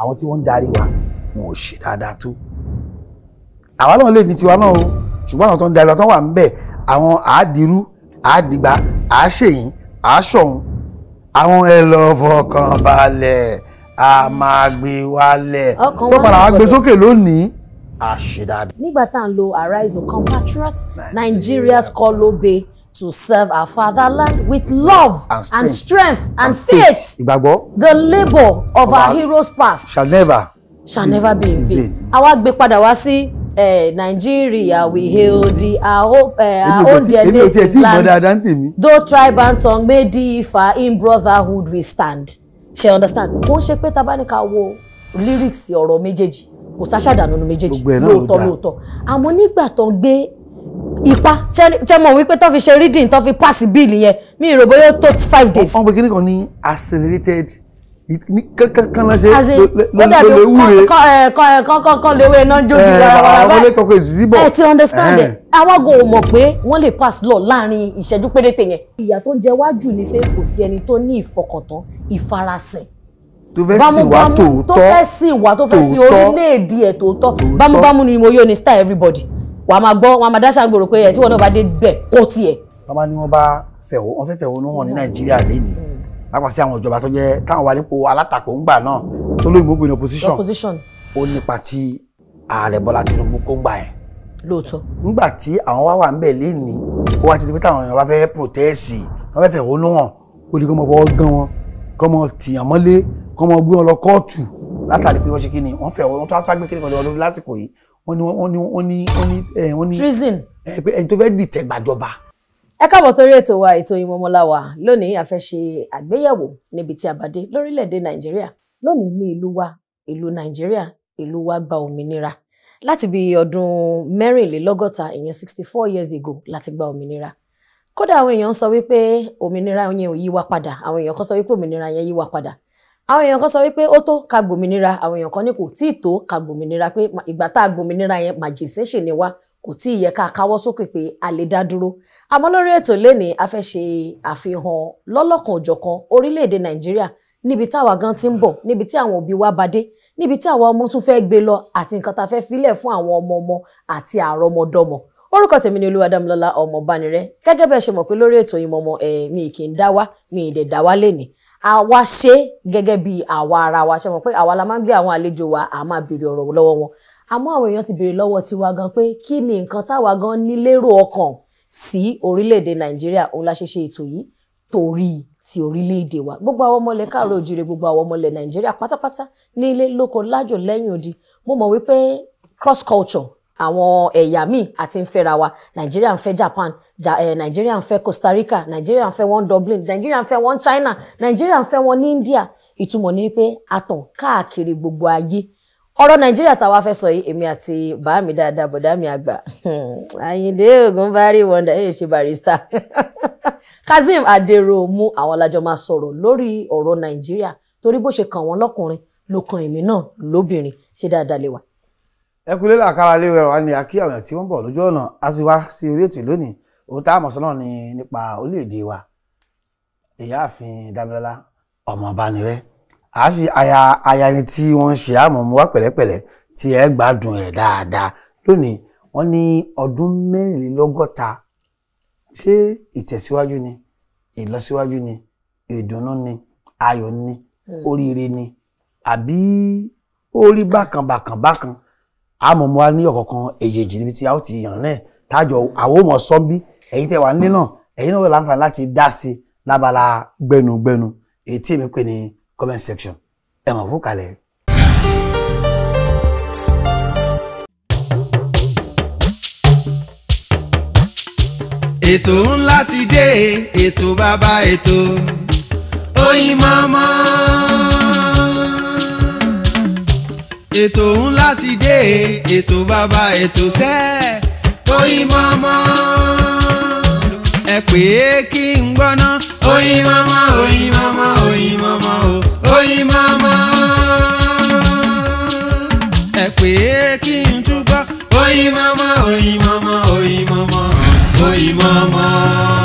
àwọn tí wọ́n ń darí wa wọn ò ṣe dáadáa tó àwa náà lè ní tiwa náà o ṣùgbọ́n àwọn tó ń darí wa tó wà ń bẹ̀ àwọn àádìrú àádìgbà àáṣèyìn àáṣọ̀hún àwọn ẹlọ́fọkànbalẹ̀ a máa gbé wálẹ̀ tó padà wá gbé sókè lónìí àṣedáadáa. nígbà tá à ń lo arise compatriot Nigeria's kọ́ ló be to serve our fatherland with love and strength and, strength and, and faith. Ìgbàgbọ́. The labor of, of our, our heroes past. Shall never. Shall never be in vain. Our gbé padà wá eh, Nigeria we hail the our eh, own dear native land. Though tribe and tongue may differ in brotherhood we stand. She understand? Kò ṣe pé tá bá ní ká wo lyrics ọ̀rọ̀ méjèèjì kò sáṣàdànù méjèèjì lóòótọ́ lóòótọ́. Àmọ́ nígbà tó ń gbé ipa ṣe mọ̀ wípé tó fi ṣe reading tó fi pass bill yẹn mi ì rò bóyá tó five days. wọ́n pe kíní kan ní accelerated kankan lọ ṣe lọlẹ wúre. kankan eh, eh, lewé iná jó di warawara bẹ́ẹ̀. àwọn elétò kò sí bọ̀. ẹ eh, ti understand ẹ àwọn gan ò mọ̀ pé wọ́n lè pass law láàrin ìṣẹ́jú péréte yẹn. ìyà tó ń jẹ wájú ni pé kò sí ẹni tó ní ìfọkàntán ìfarasìn tó fẹ́ sì wá tòótọ́ tó fẹ́ sì wá tó fẹ́ sì orílẹ̀-èdè ẹ̀ tòótọ́ bámúbámú ni mo yóò ní star everybody wàá máa gbọ́ wàá máa dáṣà gbòòrò pé ẹ̀ tí wọn náà bá dé bẹ̀ kó tiẹ̀. bàbá ni wọ́n bá fẹ̀hó wọ́n fẹ́ fẹ̀hó náà ní hmm. nàìjíríà lénìí lápá hmm. sí àwọn ìjọba tó jẹ́ táwọn wà nípò alátakò ńgbà náà tó lóyún gbogbo ní opposition ó nípa tí ààrẹ bọ́lá tinubu kó gbà yẹn. lóòótọ́. nígbà tí àwọn wá wà ń bẹ̀ lénìí ó wá ti di pé táwọn èèyàn bá fẹ́ protest wọ́n fẹ́ fẹ̀hónú hàn ó di kó mọ fọwọ́ wọ́n ní wọ́n ní wọ́n ní wọ́n ní eh, wọ́n ní. treason. ẹ eh, pé ẹni tó fẹ́ dìtẹ̀ gbàjọba. ẹ káàbọ̀ sórí ètò wa ètò ìmọ̀ọ́mọ́láwa lónìí a fẹ́ ṣe àgbéyẹ̀wò níbi tí a bá dé lórílẹ̀‐èdè nàìjíríà lónìí ní ìlú wa ìlú nàìjíríà ìlú wa gba òmìnira láti bí ọdún mẹ́rìnlélọ́gọ́ta ìyẹn sixty four years ago láti gba òmìnira kódà àwọn èèyàn sọ wípé òmìnira yẹn ò yí wa padà àwọn èèyàn kan sọ wípé òmìnira yẹn yí wa padà àwọn èèyàn kan sọ wípé ó tó ka gbòmìnira àwọn èèyàn kan ní kò tí ì tó ka gbòmìnira pé ìgbà tá a gbòmìnira yẹn màjèṣin ṣì ni wá kò tí ì yẹ ká káwọ́ sókè pé a lè dá dúró àmọ́ lórí ètò lénìí a fẹ́ ṣe àfihàn lọ́lọ́kan òjọ̀kan orílẹ̀-èdè nàìjíríà níbi táwa gan ti ń bọ̀ níbi tí àwọn òbí wa bá dé níbi tí àwọn ọmọ tún fẹ́ gbé lọ àti nǹkan tá a fẹ́ filẹ̀ fún àwọn ọmọ ọmọ àti àrọmọdọ́mọ orúkọ tèmi ni olúwadámilọ́lá ọmọ bánirẹ́ gẹ́gẹ́ bẹ́ẹ̀ ṣe mọ̀ pé lórí ètò Ìmọ̀ọ́mọ ẹ̀ mi kì í dá wá mi ì dẹ̀ dá wá lénìí àwa ṣe gẹ́gẹ́ bí àwa ara wa ṣe mọ̀ pé àwa la máa ń gbé àwọn àlejò wa a máa béèrè ọ̀rọ̀ lọ́wọ́ wọn àmọ́ àwọn èèyàn ti béèrè lọ́wọ́ tiwa gan pé kí ni nǹkan táwa gan ní lérò ọkàn sí orílẹ̀-èdè nàìjíríà òun la ṣe ṣe ètò yìí torí ti orílẹ̀-èdè wa gbogbo àwọn ọmọlẹ̀ káàrọ̀ òjìrè gbogbo àwọn ọmọlẹ̀ nàìjíríà pátápátá ní ilé lóko lájò lẹ́yìn odi mo mọ̀ wípé cross culture àwọn ẹ̀yà míì àti ń fẹ́ra wa nàìjíríà ń japan ja, eh, nàìjíríà ń costa rica nàìjíríà ń fẹ́ wọn dublin nàìjíríà ń fẹ́ wọn china nàìjíríà ń fẹ́ wọn ní india ìtumọ̀ ni pé àtàn káàkiri gbogbo ayé ọ̀rọ̀ nàìjíríà táwa fẹ́ sọ yìí èmi àti bàá mi dáadáa bọ̀dá mi àgbà àyìndé ògúnbárí wọ̀ndà èyí ṣe barista kazeem adéròmù àwọn alájọ máa sọ̀rọ̀ lórí ọ̀rọ̀ nàìjíríà torí bó ṣe kàn wọ́n lọ́kùnrin ló kàn èmi náà lóbìnrin ṣe dáadáa lè wà ẹ kú lélà kára lé ẹrọ ni àkí àwọn tí wọ́n bọ̀ lójú ọ̀nà a ti wá sí orí ètò lónìí ohun tá a mọ̀ sọ́nà ni nípa orílẹ̀-èdè wa ìyáàfin Dámilọ́lá Ọmọbanirẹ a sì aya aya ẹni tí wọ́n ń ṣe àmọ́ mu wá pẹ̀lẹ́pẹ̀lẹ́ tí ẹ gbádùn ẹ̀ dáadáa lónìí wọ́n ní ọdún mẹ́rìnlélọ́gọ́ta ṣé ìtẹ̀síwájú ni ìlọsíwájú ni ìdùnnú ni ayọ̀ ni hmm. oríire ni àbí ó bákan bákan bákan àmọ́ mo wá ní ọ̀kọ̀ọ̀kan èjèèjì níbi tí a ó ti yàn náà tájọ àwòmọ̀ sọ́ńbí ẹ̀yin tẹ̀ wá nílé náà ẹ̀yin náà wọ́n láǹfààní láti dá sí i lábala gbẹnugbẹnu èyí tí èmi pè ní comment section ẹ̀ mọ̀ fún kalẹ̀. ètò ńlá ti dé ètò bàbá ètò Oyinmomo ètò ńlá ti dé ètò bàbá ètò sẹ́ oyin mọ́mọ́ ẹ pè é kí n gbọ́ná oyin mọ́mọ́ oyin mọ́mọ́ oyin mọ́mọ́ o oyin mọ́mọ́ ẹ pè é kí n túbọ̀ oyin mọ́mọ́ oyin mọ́mọ́ oyin mọ́mọ́ oyin mọ́mọ́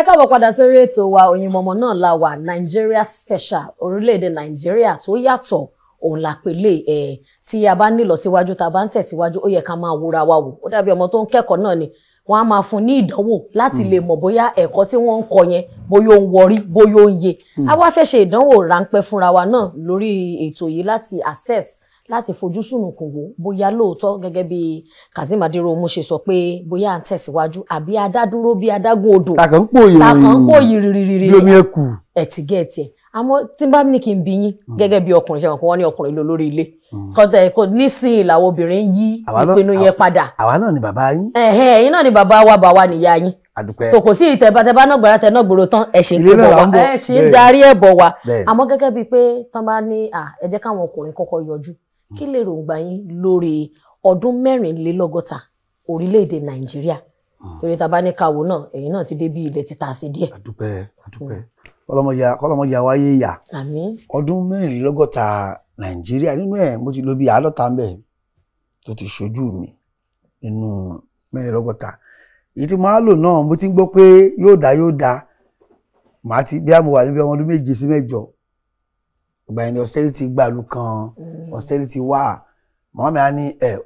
ẹ káàbọ̀ padà sórí ètò wa Oyinmomo náà la wà Nigeria special orílẹ̀-èdè Nigeria tó yàtọ̀ òun la pèlè ẹ̀ tí a bá nílọ síwájú tá a bá ń tẹ̀síwájú ó yẹ ká máa wúra wa wò ó dàbí ọmọ tó ń kẹ́kọ̀ọ́ náà ni wọ́n á máa fún ní ìdánwò láti lè mọ̀ bóyá ẹ̀kọ́ tí wọ́n ń kọ́ yẹn bóyá ó ń wọrí bóyá ó ń yé a wá fẹ́ ṣe ìdánwò ráńpẹ́ fúnra wa náà lórí ètò yìí láti access láti fojú sùnùkùn wò bóyá lóòótọ́ gẹ́gẹ́ bí Kazeem Aderounmu ṣe sọ pé bóyá à ń tẹ̀síwájú àbí adádúró bí adágún odò takànpò yìrìrìrì bí omi ẹkù ẹ̀tìgẹ́ẹ̀tì ẹ̀ àmọ́ tí bá ní kí n bí yín mm. gẹ́gẹ́ bí ọkùnrin ṣẹ̀wọ̀n kí wọ́n ní ọkùnrin ló lórí ilé mm. kọ́tà ẹ̀kọ́ nísìnyí làwọn obìnrin yí ìpinnu yẹn padà. àwa náà ni bàbá yín. ẹ̀hẹ́ ẹ̀yin náà ni bàbá wa bá wa nìyá yín àdúpẹ́. so kò sí ìtẹ̀bátẹ́bá náà gbàrà tẹ̀nà gbòòrò tán ẹ ṣe ń gbé bọ̀ wá ẹ ṣe ń darí ẹ̀ bọ̀ wá àmọ́ gẹ́gẹ́ bíi pé tán bá ní ẹ káwọn ọkùnrin kọ́kọ́ yọjú kí lè rògbà yín lórí ọdún mẹ́rìnlélọ́gọ́ta orílẹ̀-èdè nàìjíríà hmm. torí tá a bá ní káwọ náà ẹ̀yin náà ti dé ilẹ̀ ti ta sí díẹ̀. àdúpẹ́ àdúpẹ́ kọlọmọjà hmm. kọlọmọjà wáyé yà ọdún mẹ́rìnlélọ́gọ́ta nàìjíríà nínú ẹ̀ mo ti lò bí àádọ́ta ń bẹ tó ti ṣojú mi nínú mẹ́rìnlélọ́gọ́ta èyí tí màá lò náà mo ti ń gbọ́ pé yóò dá yóò dá màá ti bí a mo wà níbi ọmọ ọdún méje sí mẹ́jọ ìgbà yẹn austerity gbàlú kan mm. austerity wà màmá mi á ní ẹ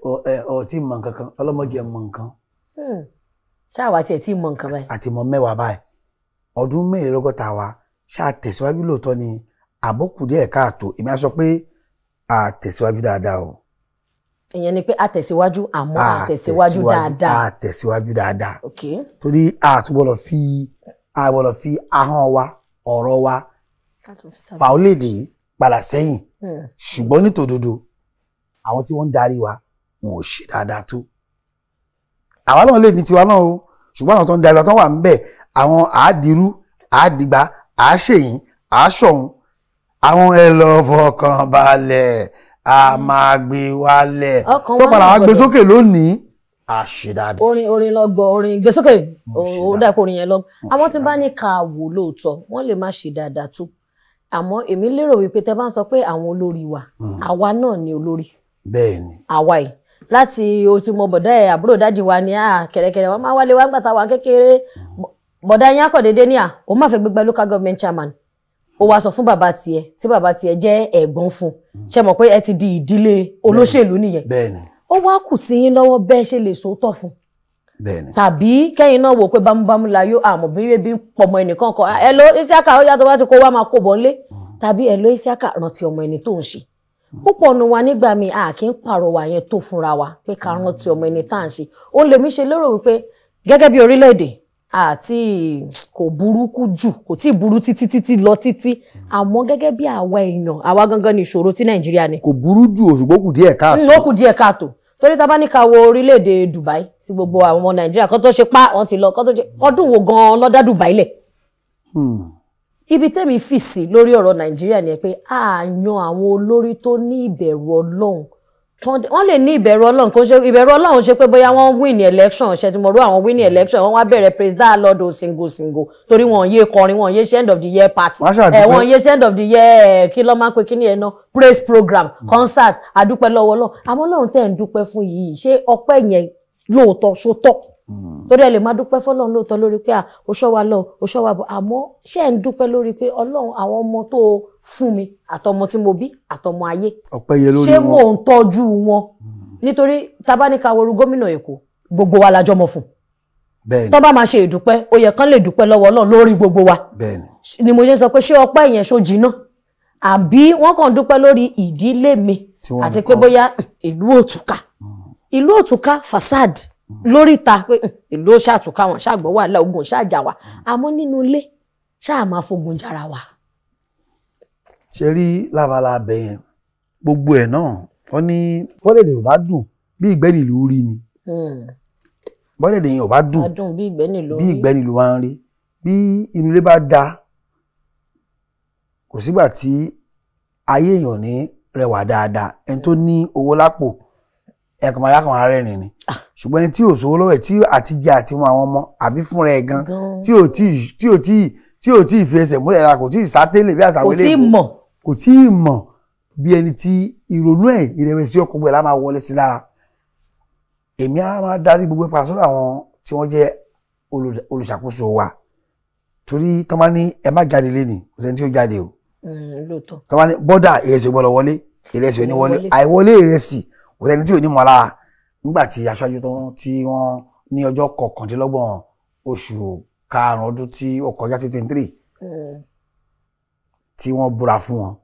ọ tí mọ nǹkan kan ọlọ́mọdé ẹ mọ nǹkan. Hmm. ṣáà wá tiẹ̀ tí mọ nǹkan báyìí. àti mọ mẹ́wàá báyìí ọdún mẹ́rìnlélọ́gọ́ta wa ṣáà tẹ̀síwájú lóòótọ́ ni àbókù díẹ̀ káàtó èmi á sọ pé a tẹ̀síwájú dáadáa o. ìyẹn ni pé a àmọ́ a tẹ̀síwájú dáadáa. a tẹ̀síwájú dáadáa. torí a tún gbọ́dọ̀ fi a fi ahọ́n wa ọ̀rọ̀ wa fàólèdè padà sẹ́yìn hmm. ṣùgbọ́n ní tòdodo àwọn tí wọ́n ń darí wa wọn ò ṣe dáadáa tó àwa náà lè ní tiwa náà o ṣùgbọ́n àwọn tó ń darí wa tó wà ń bẹ̀ àwọn àádìrú àádìgbà àáṣèyìn àáṣọ̀hún àwọn ẹlọ́fọkànbalẹ̀ a hmm. máa gbé wálẹ̀ tó padà wá gbé sókè lónìí àṣìdáde. orin orin lọgbọ orin gbèsókè òun dàpọ̀ orin yẹn lọ àwọn tí bá ní ká wò lóòótọ́ wọ́n lè má ṣe dáadáa tó àmọ́ èmi lérò wípé tẹ́ bá ń sọ pé àwọn olórí wa hmm. àwa náà ni olórí. bẹ́ẹ̀ni. àwa yìí láti oṣù mọ bọ̀dá ẹ̀ àbúrò dájì wa ni ah, kẹ̀rẹ̀kẹ̀rẹ̀ wa máa wálé wa gbàtà wa kékeré bọ̀dá yín akọ̀dédé ní à ó má fẹ́ gbégbá local government chairman ó wá sọ fún bàbá tiẹ̀ tí bàbá tiẹ̀ jẹ́ ẹ̀gbọ́n fún hmm. ṣe mọ̀ pé ẹ ti di ìdílé olóṣèlú nìyẹn ó wá kù sí yín lọ́wọ́ bẹ́ẹ̀ ṣe lè sòótọ́ fún tàbí kẹ́yìn náà wò pé bámúbámú la yó àmọ̀ bí ebi ń pọmọ ẹnìkan kan ẹ ah, ló Isiaka ó yàtọ̀ bá ti kó wá máa kó bọ̀ ńlé mm. tàbí ẹ ló Isiaka rántí ọmọ ẹni tó ń ṣe púpọ̀ nu wa nígbà mi a kì í pàrọwà yẹn tó fúnra wa pé ká mm. rántí ọmọ ẹni tá à ń ṣe ó lè mí ṣe lérò wípé gẹ́gẹ́ bí orílẹ̀-èdè àti kò burúkú jù kò tí burú títí títí lọ títí mm. àmọ́ gẹ́gẹ́ bí àwa èèyàn àwa gangan ni ìṣòro tí Nàìjíríà ni. kò burú jù òṣùgbọ́n kù díẹ̀ káàtó. ó kù díẹ̀ káàtó torí tá a bá ní ká wo orílẹ̀-èdè Dubai tí gbogbo àwọn ọmọ Nàìjíríà kan tó ṣe pa wọ́n ti lọ kan tó ṣe ọdún wo gan-an ló Dubai lẹ̀. Hmm. ibi tẹ́mi fì sí lórí ọ̀rọ̀ Nàìjíríà ni pé a yan àwọn olórí tó ní ìbẹ̀rù Ọlọ́run wọ́n lè ní ìbẹ̀rù ọlọ́run kò ṣe ìbẹ̀rù ọlọ́run ṣe pé bóyá wọ́n win election ṣe ti mọ̀ rú àwọn win election wọ́n wá bẹ̀rẹ̀ president alọ́dọ̀ singosingo torí wọ́n yé kọrin wọ́n yé ṣe end of the year party ẹ̀ wọ́n yé ṣe end of the year kí ló máa ń pe kí ni ẹ̀ náà praise program hmm. concert àdúpẹ́ lọ́wọ́ ọlọ́run àmọ́ ọlọ́run tẹ̀ ń dúpẹ́ fún yìí ṣé ọpẹ́ yẹn lóòótọ́ ṣó Hmm. torí ẹ lè máa dúpẹ́ fọlọ́run lóòótọ́ lórí pé ó ṣọ́ wa lọ ó ṣọ́ wa bọ̀ àmọ́ ṣé ẹ̀ ń dúpẹ́ lórí pé ọlọ́run àwọn ọmọ tó fún mi àtọmọ tí mo bí àtọmọ ayé ṣé mò ń tọ́jú wọn hmm. nítorí tabaníkà woru gómìnà èkó gbogbo wa lájọ́ mọ̀ fún tó bá máa ṣe ìdúpẹ́ ó yẹ kán lè dúpẹ́ lọ́wọ́ ọlọ́run lórí gbogbo wa ni mo ṣe sọ pé ṣé ọpẹ́ yẹn ṣó jìnnà àbí wọ́n kàn dúpẹ́ lórí ìdílé mi àti pé bóyá ìlú òtúká hmm. ìlú òtúká fasad lóríta pé ìlú ó ṣàtúnká wọn ṣàgbọ́ wàhálà ogun ṣàjà wa àmọ́ nínú ilé ṣáà máa fogun jara wa. ṣe rí lábala abẹ yẹn gbogbo ẹ náà wọn ní bọ́lẹ̀dì ò bá dùn bí ìgbẹ́ni ìlú rí ni hmm. bọ́lẹ̀dì yẹn ò bá dùn bí ìgbẹ́ni ìlú wa ń rí bí inú ilé bá da kò sígbà tí ayé èèyàn ní rẹwà dáadáa ẹni tó ní owó lápò ẹ̀kan máa yákan ara rẹ̀ ni ah. ṣùgbọ́n ẹni tí ò sówó lọ́wọ́ ẹ̀ tí àti jẹ àti mu àwọn ọmọ àbí fúnra ẹ̀ gan tí ò tí tí ò tí tí ò tí fi ẹsẹ̀ múlẹ̀ ra kò tí ì sátélè bí àṣàwélé kò tí ì mọ̀ bí ẹni tí ìrònú ẹ̀ ìrẹ̀wẹ̀sì ọkọ̀ gbẹ̀lá máa wọlé sí lára èmi á máa darí gbogbo ipa sọ́dọ̀ àwọn tí wọ́n jẹ́ olùṣàkóso wa torí tọ́ bá ní ẹ má jáde lénìí kò sẹ́ni tí ó jáde o mm, tọ́ bá ní bọ́dà ìrẹsì ò gbọ́dọ̀ wọlé ìrẹsì ò ní wọlé àìwọlé ìrẹsì kò sẹ́ni tí ò ní mọ́ lára nígbà tí aṣáájú tó tí wọ́n ní ọjọ́ kọkàndínlọ́gbọ̀n oṣù karùn-ún ọdún tí ó kọjá twenty twenty three hmm. tí wọ́n búra fún wọn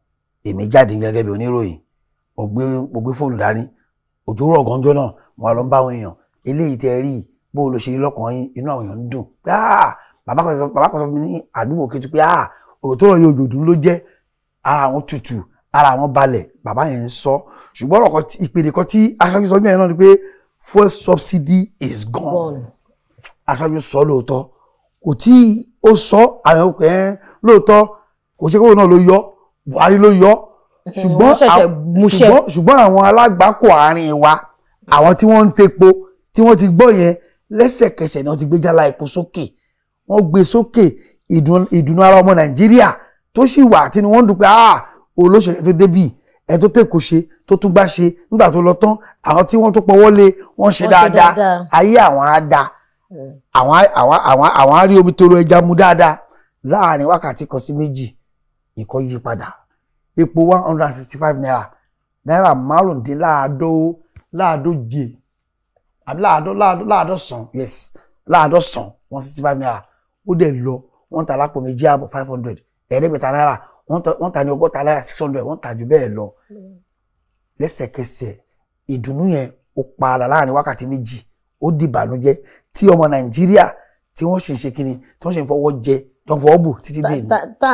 èmi jáde gẹ́gẹ́ bí oníròyìn mo gbé mo gbé fóònù dání òjò rọ̀ gànjọ́ náà mo wà lọ ń bá àwọn èèyàn eléyìí tẹ́ rí bó ló ṣe rí lọ́kàn yín inú àwọn èèyàn ń dùn ah! bàbá kan sọ fún mi ní àdúgbò kejì pé ah! òjò rọ̀ yóò jòdùn ló jẹ́ ara àwọn tutù ara wọn balẹ̀ bàbá yẹn ń sọ ṣùgbọ́n ọ̀rọ̀ kan ìpele kan tí aṣáájú sọ bíyẹn náà ni pé fuel subsidy is gone aṣáájú sọ lóòótọ́ kò tí ó sọ àwọn ọkọ̀ ẹ̀ lóòótọ́ kò ṣe kókò náà ló yọ Buhari ló yọ ṣùgbọ́n àwọn alágbàákò àárín wa àwọn tí wọ́n ń tepo tí wọ́n ti gbọ́ yẹn lẹ́sẹ̀kẹsẹ̀ náà ti gbé jálá epo sókè wọ́n gbé sókè ìdùnnú ara ọmọ Nàìjíríà tó sì wà tí wọ́n dùn pé ah olóṣèlú tó débì ẹ tó tèkó ṣe tó tún gbá ṣe nígbà tó lọ tán àwọn tí wọ́n tó pọwọ́ lé wọ́n ṣe dáadáa ayé àwọn á da hmm. àwọn àwọn àwọn àwọn á rí omi tó ro ẹja mu dáadáa láàrin wákàtí kan sí méjì nǹkan yí padà epo one hundred and sixty five naira naira náírà márùndínláàdóje àbí láàdọ́ láàdọ́ láàdọ́sàn yes láàdọ́sàn one sixty five naira ó dẹ̀ lọ wọ́n ta lápò méjì àbọ̀ five hundred ẹ̀ẹ́dẹ́gbẹ̀ta náírà wọ́n ta ní ọgọ́ta lára six hundred wọ́n ta jù bẹ́ẹ̀ lọ mm. lẹ́sẹ̀kẹsẹ̀ ìdùnnú yẹn ó para láàrin wákàtí méjì ó di ìbànújẹ́ tí ọmọ nàìjíríà tí wọ́n ṣe ń ṣe kíni tí wọ́n ṣe ń fọwọ́ jẹ tó ń fọwọ́ bù títí dé ní. tá tá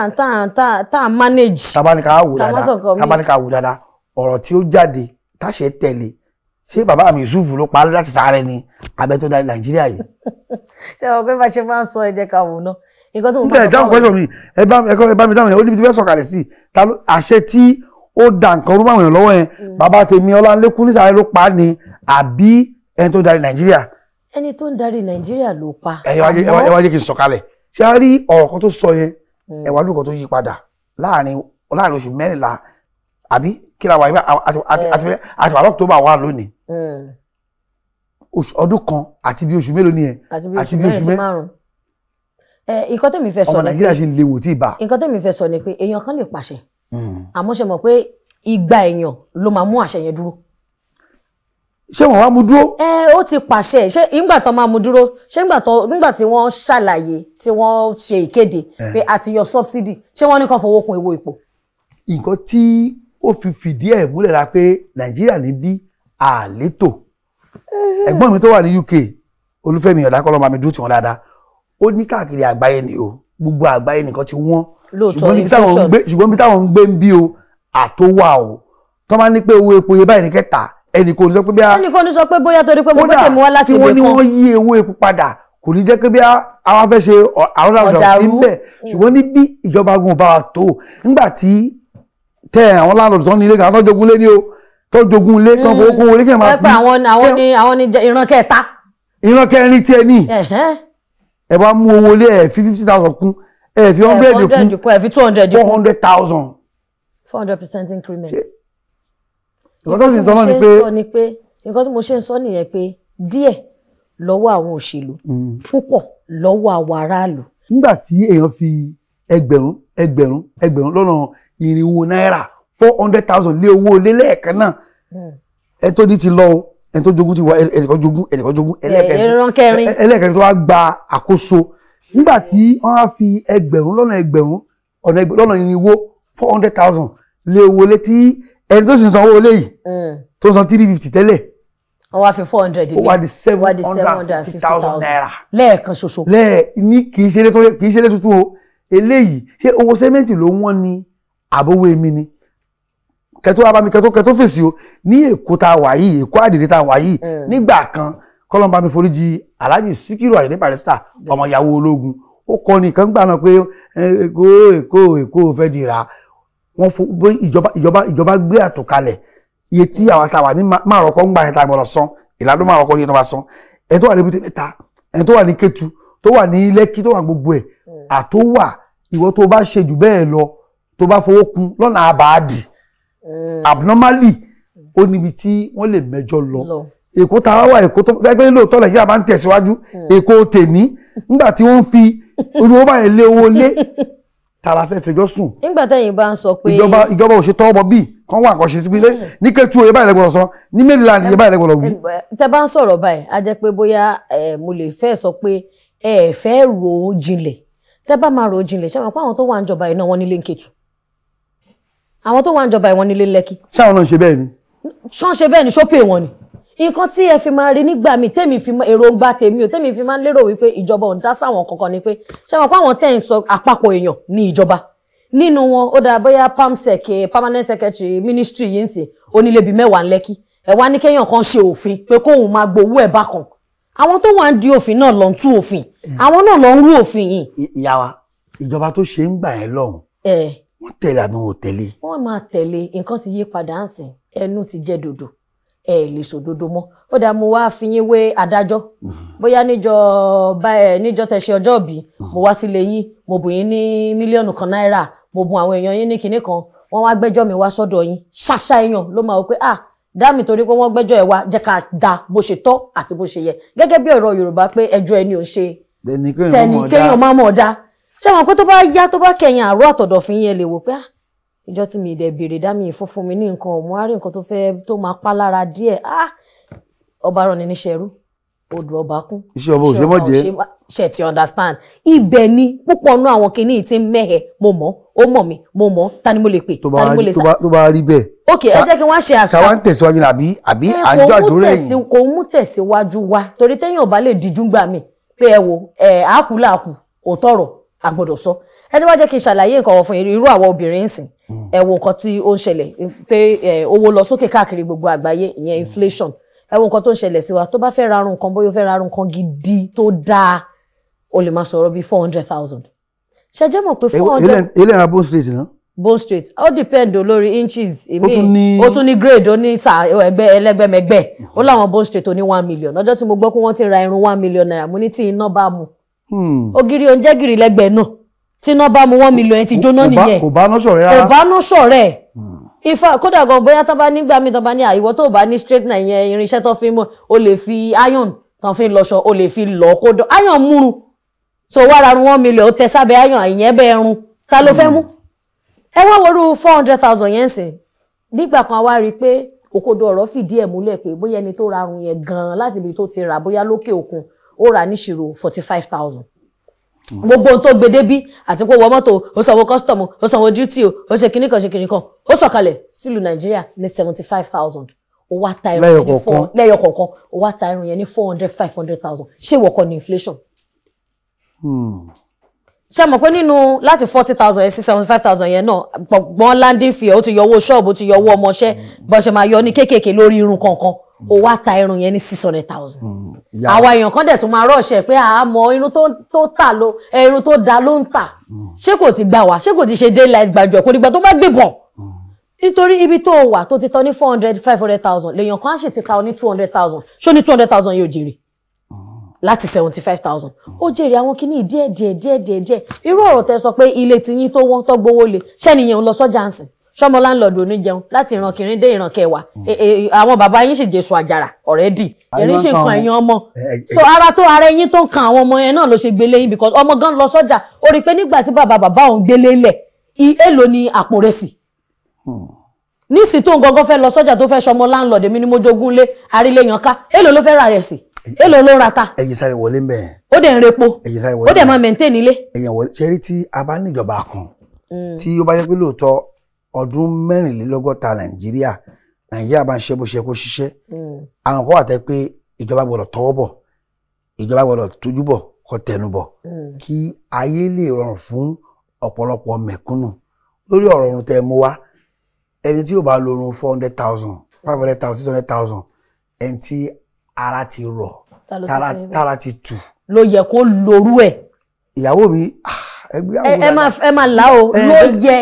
tá tá manage. tabanika wò dáadáa tabanika wò dáadáa ọ̀rọ̀ tí ó jáde táṣẹ tẹ̀lé ṣé bàbá mi yusuf ló pa láti sáré ni abẹ tó darí nàìjíríà yìí. ṣé o pé bá ṣe máa ń sọ ẹ jẹ́ ká wò náà nǹkan tó ń bá sọ fún mi. dáhùn pẹ́sọ̀ mi ẹ bá mi dáhùn yẹn ó níbi tí fẹ́ sọ̀kalẹ̀ sí àṣẹ tí ó da nǹkan rúmọ̀ àwọn èèyàn lọ́wọ́ yẹn mm. bàbá tèmi ọlálékún nísàlẹ̀ ló pa á ni àbí ẹni tó ń darí nàìjíríà. ẹni tó ń darí nàìjíríà ló pa. ẹ wá jẹ́ kí n sọ̀kalẹ̀ ṣé a rí ọ̀rọ̀ kan tó sọ yẹn mm. ẹ wá dúró kan tó yí padà láàrin oṣù mẹ́rìnlá àbí kí la wà yìí àti wà lọ́kùtọ́bà wà lónìí mm. ọdún kan àti bí oṣù mélòó ni yẹn nǹkan tẹ̀mí fẹ́ sọ ni pé ọmọ nǹkan tẹ̀mí fẹ́ sọ ni pé èèyàn kan lè pàṣẹ hmm. àmọ́ ṣe mọ̀ pé igba èèyàn ló máa mú àṣẹ yẹn dúró. ṣé wọn wá mú dúró. ẹ ó ti pàṣẹ ṣé nígbà tó máa mú dúró ṣé nígbà tí wọ́n ṣàlàyé tí wọ́n ṣe ìkéde eh. pé a ti yọ subsidy ṣé wọ́n ní kàn fowó kún owó epo. nǹkan tí ó fi fìdí ẹ̀ múlẹ̀ la pé nàìjíríà ní bí àlétò eh. ẹ̀gbọ́n mi tó wà ní UK olúfẹ́mi ọ̀dà kọ́lọ́mọ mi dúró tí dáadáa ó ní káàkiri àgbáyé ni o gbogbo àgbáyé nìkan ti wọ́n ṣùgbọ́n bí táwọn ń gbé ń bí o àtówà o tọ́ máa ní pé owó epo yẹ báyìí ní kẹta ẹnì kò ní sọ pé bí a ẹnì kò ní sọ pé bóyá torí pé mo tètè mú wá láti ibẹ̀ kan kódà tí wọ́n ní wọ́n yí owó epo padà kò ní jẹ́ pé bí àwa fẹ́ ṣe àwọn àwùjọ sí bẹ́ẹ̀ ṣùgbọ́n ní bí ìjọba gun bá wa tó nígbà tí tẹ àwọn láńlọ́ọ̀dù tó ń nílé kan tó jogún lé ní o tó jogún lé tó fowó kó wọlé kí ẹ máa fi. àwọn ni ìran kẹta. ìran kẹrin tiẹ̀ ní ẹ bá mú owó lé ẹ fi fifty thousand kún ẹ fi hundred kún ẹ fi two hundred kún four hundred thousand. four hundred percent increment. nǹkan tó sì sọ náà ni pé nǹkan tí mo ṣe ń sọ nìyẹn pé díẹ̀ lọ́wọ́ àwọn òṣèlú hmm. púpọ̀ lọ́wọ́ àwọn aráàlú. nígbà tí èèyàn fi ẹgbẹ̀rún ẹgbẹ̀rún ẹgbẹ̀rún lọ́nà irinwó náírà four hundred thousand lé owó lé lẹ́ẹ̀kan náà hmm. ẹ tó ní ti lọ ẹni tó jogún ti wá ẹnìkan jogún ẹnìkan jogún ẹlẹ́ẹ̀kẹrin tó wá gba àkóso nígbà tí wọ́n á fi ẹgbẹ̀rún lọ́nà ẹgbẹ̀rún ọ̀nà ẹgbẹ̀rún lọ́nà irinwó four hundred thousand lé owó lé tí ẹni tó sì san owó lé yìí tó san three fifty tẹ́lẹ̀ ó wá fi four hundred ilé ó wá di seven hundred and fifty thousand naira lẹ́ẹ̀kan ṣoṣo. lẹ́ẹ̀ ní kì í ṣeré tuntun o eléyìí ṣé owó sẹ́mẹ́ǹtì ló wọ́n ni àbówó èmi ni kẹtó abami kẹtó kẹtó fèsì o ní èkó tá a wà yìí èkó àdìrí tá a wà yìí nígbà kan kọlọmba mi foríjì alhaji sikiru ayinde barrister ọmọ ìyàwó ológun ó kọ ní kan gbà náà pé èkó èkó èkó fẹ́ di ra wọ́n fo bó ìjọba ìjọba ìjọba gbé àtòkalẹ̀ iye tí àwọn àtàwà ní márọ̀kọ́ ń gba ẹ̀ta gbọ́dọ̀ san ìlànà márọ̀kọ́ ní ìtọ́ba san ẹ̀ tó wà ní bíi mẹ́ta ẹ̀ tó wà ní Kétu tó wà ní Lẹ́kì tó wà gbogbo ẹ̀ àtó ìwọ tó bá ṣe jù bẹ́ẹ̀ lọ tó bá fowó kun lọ́nà àbáàdì Eh. abnormally ó níbi tí wọ́n lè mẹ́jọ lọ èkó tá a wá èkó tó fẹ́ pé lóòótọ́ nàìjíríà máa ń tẹ̀síwájú hmm. èkó tèní nígbà tí wọ́n ń fi olówó báyìí lé owó lé tara fẹ́ fẹjọ́ sùn. nígbà tẹ́yìn bá ń sọ pé. ìjọba ìjọba ò ṣe tọ́ ọmọ bíi kan wà nǹkan ṣe sí ilé hmm. ní kẹtù oyè báyìí lẹ́gbọ̀rọ̀ sọ ní maryland oyè báyìí lẹ́gbọ̀rọ̀ wí. tẹ́ bá ń sọ̀rọ̀ báyìí a jẹ́ pé bóyá mo lè fẹ́ sọ pé ẹ fẹ́ rò ó jinlẹ̀ tẹ́ bá máa rò ó jinlẹ̀ ṣé àwọn pé àwọn tó wà ń jọba iná wọn nílé ń kẹtù àwọn tó wà ń jọba ìwọ̀n nílé lẹ́kì. ṣáwọn náà ṣe bẹ́ẹ̀ ni. ṣán ṣe bẹ́ẹ̀ ni ṣópè wọn ni nǹkan tí ẹ fi máa rí nígbà mi tèmi fi èròǹgbà tèmi o tèmi fi máa ń lérò wípé ìjọba ò sáwọn kankan ni pé ṣé wọn pa àwọn tẹ̀ ń sọ àpapọ̀ èèyàn ní ìjọba nínú wọn ó dáa bóyá pamsec permanent secretary ministry yìí ń sìn onílébi mẹ́wàá ń lẹ́kí ẹ̀ wá ní kéèyàn kan ṣe òfin pé kóun máa gbowó ẹ̀ bákan àwọn tó wà ń di òfin náà lọ ń tú òfin àwọn náà lọ ń rú òfin yìí. ìyá wa ìjọba tó ṣe ń gbà ẹ lọ́hùn wọ́n tẹ̀lé àbí wọn ò tẹ̀lé. wọ́n máa tẹ̀lé nǹkan ti yí padà ń sìn ẹnu ti jẹ́ dòdò ẹ lè sòdodo mọ́ ó dàá mo wá fi yín wé adájọ́ mm-hmm. bóyá níjọ bá ẹ níjọ tẹ̀sí ọjọ́ bí mm-hmm. mo wá sílé yìí mo bù yín ní mílíọ̀nù kan náírà mo bùn àwọn èèyàn yín ní kinní kan wọ́n wá gbẹ́jọ́ mi wá sọ́dọ̀ yín ṣàṣà èèyàn ló máa wọ pé ah dá mi torí pé wọ́n gbẹ́jọ́ ẹ wá jẹ́ ká da bó ṣe tọ́ àti bó ṣe yẹ gẹ́gẹ́ bí ọ̀rọ̀ Yorùbá pé ẹjọ́ ẹni ò ń ṣe tẹnìkéyàn má mọ̀ ọ́ dá ṣé àwọn pé tó bá yá tó bá kẹyìn àárọ̀ àtọ̀dọ̀ fún yín ẹ lè wò pé ah ìjọ tí mi dẹ̀ béèrè dá mi ìfún fún mi ní nǹkan ọ̀mú á rí nǹkan tó fẹ́ tó máa pa lára díẹ̀ ah ọba rán ni níṣẹ́ rú odò ọba kún. iṣẹ́ ọba òṣèmọ̀ jẹ́ ṣe ti understand ibẹ̀ ni púpọ̀ nú àwọn kinní tí ń mẹ́hẹ̀ mo mọ̀ ó mọ̀ mi mo mọ̀ ta ni mo lè pè ta ni mo lè sá. tó bá rí bẹ́ẹ̀. ok ẹ jẹ́ kí wọ́n ṣe àṣà. ṣàwọn ń tẹ̀síwájú àbí àbí àjọ àjòrò ẹ̀yìn. kò mú tẹ̀síwájú wa torí téèyàn ò lè díjú gbà mí pé ẹ wo ẹ àákú làákú òótọ́rọ̀ a gbọ́dọ̀ sọ ẹ tí wàá jẹ́ kí n ṣàlàyé nǹkan fún irú àwọn obìnrin ń sìn hmm. ẹ wo nǹkan tí ó ń ṣẹlẹ̀ pé owó lọ sókè káàkiri gbogbo àgbáyé ìyẹn inflation ẹ wo nǹkan tó ń ṣẹlẹ̀ sí wa tó bá fẹ́ ra arun kan bóyá ó fẹ́ ra arun kan gidi tó dáa o lè máa sọ̀rọ̀ bíi four hundred thousand ṣe jẹ́ mọ̀ pé four hundred. ilé ìran bone straight náà bone straight all depend olórí inches èmi ó tún ní grade ó ní sa ẹgbẹ́ ẹlẹ́gbẹ́mẹgbẹ́ ó láwọn bone straight ó one million lọ́jọ́ tí mo gbọ́ pé wọ́n ti ra irun one million naira mo ní tí iná bá mu ògiri hmm. oúnjẹ gírì lẹ́gbẹ̀ẹ́ náà tíná bá mu one million ẹ ti jóná nìyẹn kò bá ná ṣọ̀rẹ́ rárá kò bá ná ṣọ̀rẹ́ hmm. ifá kódà gan bóyá tó bá nígbà mi tó bá ní àìwọ tó bá ní straightener yẹn irinṣẹ́ tó fi mọ o lè fi iron tán fi lọṣọ o lè fi lọ kó dán iron múru so wàrà run one million ó tẹ sábẹ́ iron àìyẹn bẹ ẹrun ta ló fẹ́ mú hmm. ẹ wá worú four hundred thousand yẹn sìn nígbà kan wá rí i pé òkodo ọ̀rọ̀ fìdí ẹ̀ múlẹ̀ pé bóyá ẹni tó ra run yẹn gan-an láti ibi tó ti rà bóyá lókè òkun ó rà níṣirò forty five thousand gbogbo ohun tó gbé débí àti pé wọ mọ́tò ó sanwó custom ó sanwó duty o ó ṣe kinní kan ṣe kinní kan ó sọ̀kalẹ̀ sílùú nàìjíríà ní seventy five thousand ó wá ta irun yẹn ní four lẹ́yọ̀ kọ̀ọ̀kan ó wá ta irun yẹn ní four hundred five hundred thousand ṣé wọ́kọ̀ ní inflation. Hmm. ṣé mọ̀ pé nínú láti forty thousand yẹn sí seventy five thousand yẹn náà gbọ̀ngbọ̀n landing fee ó ti yọ owó ṣọ́ọ̀bù ó ti yọ owó ọmọọṣẹ́ bọ́ṣẹ̀ máa yọ ní kéékèèké lórí irun kọ̀ọ̀kan o wá ta irun yẹn ní six hundred thousand. Mm, àwa èèyàn kan dẹ̀ tún máa rọ̀ṣẹ̀ pé a mọ irun tó tà ló irun tó da ló ń tà mm. ṣé kò ti gbà wá ṣé kò ti ṣe daylight gbàjọ kò dìgbà tó bá gbébọn mm. nítorí ibi tó wà tó ti tọ́ ní four hundred five hundred thousand lèèyàn kan á sì ti ta ọ ní two hundred thousand ṣó ní two hundred thousand yóò jèrè láti seventy five thousand ó jèrè àwọn kìíní díẹ̀ díẹ̀ díẹ̀ díẹ̀ díẹ̀ irú ọ̀rọ̀ tẹ́ sọ pé ilé tiyín tó wọ́n tó gbowó le ṣẹ́niyàn lọ sọ́jà ń sìn sọmọ láńlọọdù oníjẹun láti ìran kìnrin dé ìran kẹwàá hmm. e, e, e, àwọn bàbá yín sì jésù àjàrà ọrẹdì erin sì kan ẹ̀yin ọmọ so ara tó ara ẹ̀yin tó kan àwọn ọmọ yẹn náà ló ṣe gbélé yín because ọmọ gan lọ sọ́jà ó rí i pé nígbà tí bàbá bàbá òun gbélé lẹ̀ èèlò ni àpò rẹ̀ sì hmm. nísì tó ń gangan fẹ́ lọ sọ́jà tó fẹ́ sọmọ láńlọọdù mi ni mo jogún lé arílẹyàn ká èèlò ló fẹ́ ra rẹ̀ sí èèlò ló ra ta. ẹ̀yin sáré wọlé mbẹ. ó dẹ̀ ń hmm. tí ó bá yẹ pé lóòótọ́ ọdún mẹ́rìnlélọ́gọ́ta nàìjíríà nàìjíríà bá ń ṣe bó ṣe kó ṣiṣẹ́ hmm. àwọn kan wà tẹ́ pé ìjọba gbọ́dọ̀ tọwọ́ bọ̀ ìjọba gbọ́dọ̀ tójú bọ̀ kó tẹnu bọ̀ hmm. kí ayé lè rọrùn fún ọ̀pọ̀lọpọ̀ mẹ̀kúnnù lórí ọ̀rọ̀ ọ̀run tẹ́ mú wá ẹni tí yóò bá lórun four hundred thousand five hundred thousand six hundred thousand ẹni tí ara ti rọ̀ tára ti tù. ló yẹ kó lorú ẹ̀. ìyàwó mi ah ẹgbẹ́ àwọn ẹ máa ẹ máa là ó ló yẹ.